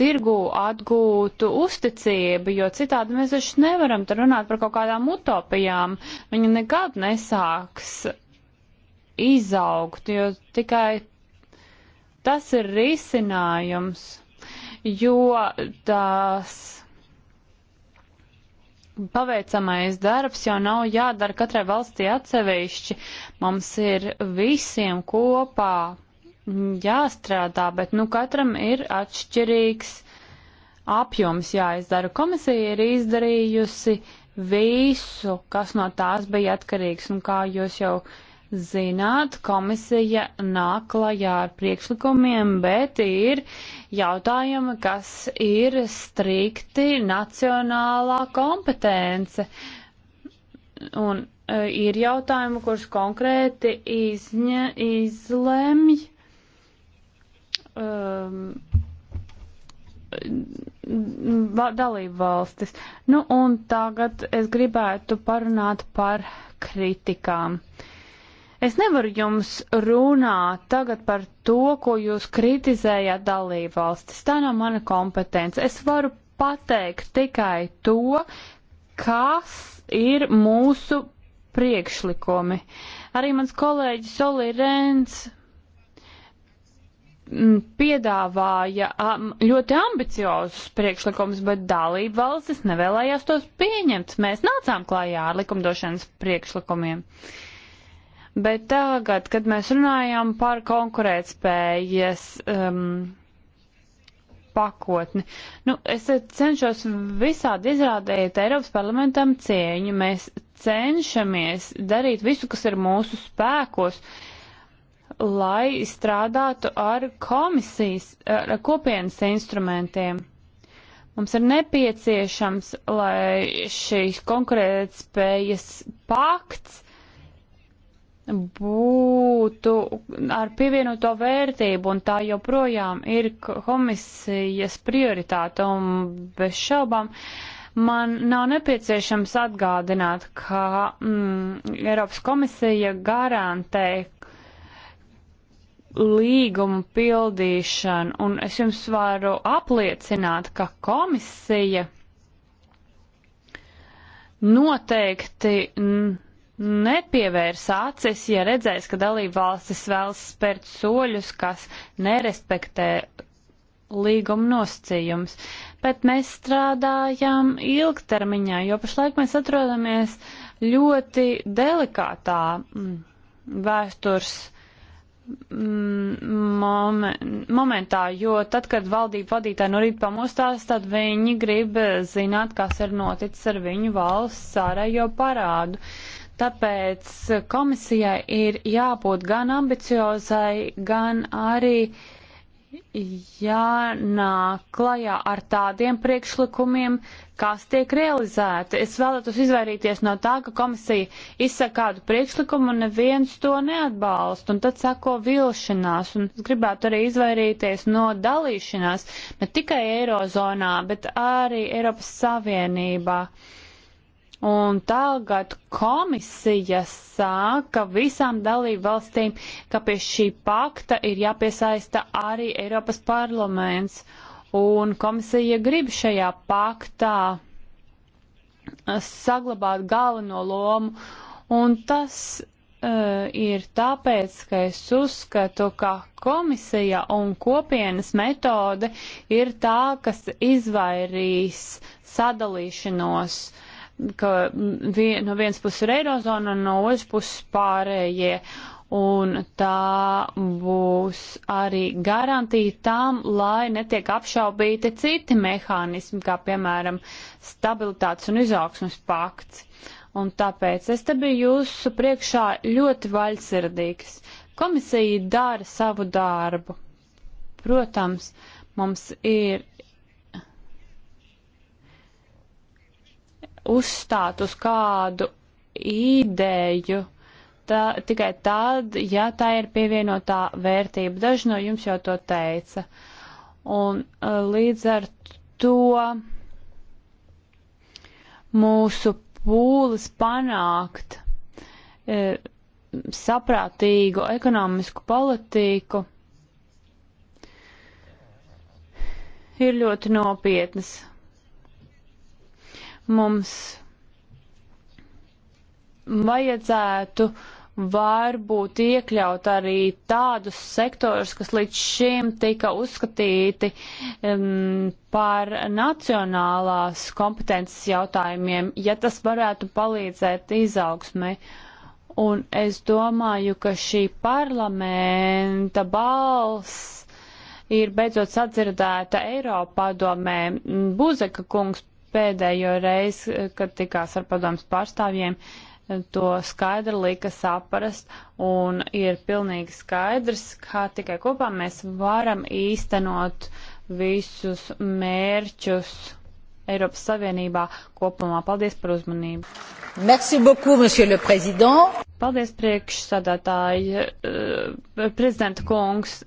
tirgu atgūtu uzticību, jo citādi mēs taču nevaram te runāt par kaut kādām utopijām. Viņi nekad nesāks izaugt, jo tikai tas ir risinājums, jo tās paveicamais darbs jau nav jādara katrai valstī atsevišķi. Mums ir visiem kopā jāstrādā, bet nu katram ir atšķirīgs apjoms jāizdara. Komisija ir izdarījusi visu, kas no tās bija atkarīgs, un kā jūs jau zināt, komisija nāk klajā ar priekšlikumiem, bet ir jautājumi, kas ir strikti nacionālā kompetence. Un e, ir jautājumi, kurus konkrēti izņa, izlemj um, dalību valstis. Nu, un tagad es gribētu parunāt par kritikām. Es nevaru jums runāt tagad par to, ko jūs kritizējat dalību valstis. Tā nav mana kompetence. Es varu pateikt tikai to, kas ir mūsu priekšlikumi. Arī mans kolēģis Solī Rēns piedāvāja ļoti ambiciozus priekšlikumus, bet dalība valstis nevēlējās tos pieņemt. Mēs nācām klājā ar likumdošanas priekšlikumiem. Bet tagad, kad mēs runājam par konkurētspējas um, pakotni, nu, es cenšos visādi izrādīt Eiropas parlamentam cieņu. Mēs cenšamies darīt visu, kas ir mūsu spēkos. Uh, lai strādātu ar komisijas, ar kopienas instrumentiem. Mums ir nepieciešams, lai šīs konkurētspējas pakts būtu ar pievienoto vērtību, un tā joprojām ir komisijas prioritāte, un bez šaubām man nav nepieciešams atgādināt, ka mm, Eiropas komisija garantē līgumu pildīšanu, un es jums varu apliecināt, ka komisija noteikti nepievērs acis, ja redzēs, ka dalība valstis vēlas spērt soļus, kas nerespektē līguma nosacījums. Bet mēs strādājam ilgtermiņā, jo pašlaik mēs atrodamies ļoti delikātā vēstures Mm, momentā, jo tad, kad valdība vadītāji no rīta pamostās, tad viņi grib zināt, kas ir noticis ar viņu valsts ārējo parādu. Tāpēc komisijai ir jābūt gan ambiciozai, gan arī uh, jānāk klajā ar tādiem priekšlikumiem, kas tiek realizēti. Es vēlētos izvairīties no tā, ka komisija izsaka kādu priekšlikumu un neviens to neatbalst, un tad sako vilšanās, un es gribētu arī izvairīties no dalīšanās ne tikai Eirozonā, bet arī Eiropas Savienībā. Uh, Un tagad komisija sāka visām dalību valstīm, ka pie šī pakta ir jāpiesaista arī Eiropas parlaments. Un komisija grib šajā paktā uh, saglabāt galveno lomu. Un tas uh, ir tāpēc, ka es uzskatu, ka komisija un kopienas metode ir tā, kas izvairīs sadalīšanos. Uh, ka vien, no vienas puses ir eirozona, no otras puses pārējie. Un tā būs arī garantija tam, lai netiek apšaubīti citi mehānismi, kā piemēram stabilitātes un izaugsmas pakts. Un tāpēc es te biju jūsu priekšā ļoti vaļsirdīgs. Komisija dara savu darbu. Protams, mums ir uzstāt uz kādu ideju tā, tikai tad, ja tā ir pievienotā vērtība. Daži no jums jau to teica. Un uh, līdz ar to mūsu pūlis panākt e, saprātīgu ekonomisku politiku ir ļoti nopietnas mums vajadzētu varbūt iekļaut arī tādus sektorus, kas līdz šim tika uzskatīti um, par nacionālās kompetences jautājumiem, ja tas varētu palīdzēt izaugsmai. Un es domāju, ka šī parlamenta balss ir beidzot sadzirdēta Eiropā domē. Buzeka kungs pēdējo reizi, eh, kad tikās ar padomus pārstāvjiem, eh, to skaidri lika saprast un ir pilnīgi skaidrs, kā tikai kopā mēs varam īstenot visus mērķus Eiropas Savienībā kopumā. Paldies par uzmanību. Merci beaucoup, monsieur le président. Paldies priekšsādātāji. Eh, prezidenta kungs,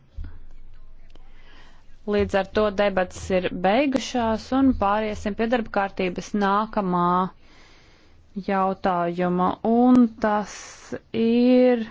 Līdz ar to debats ir beigušās un pāriesim pie darba kārtības nākamā jautājuma. Un tas ir.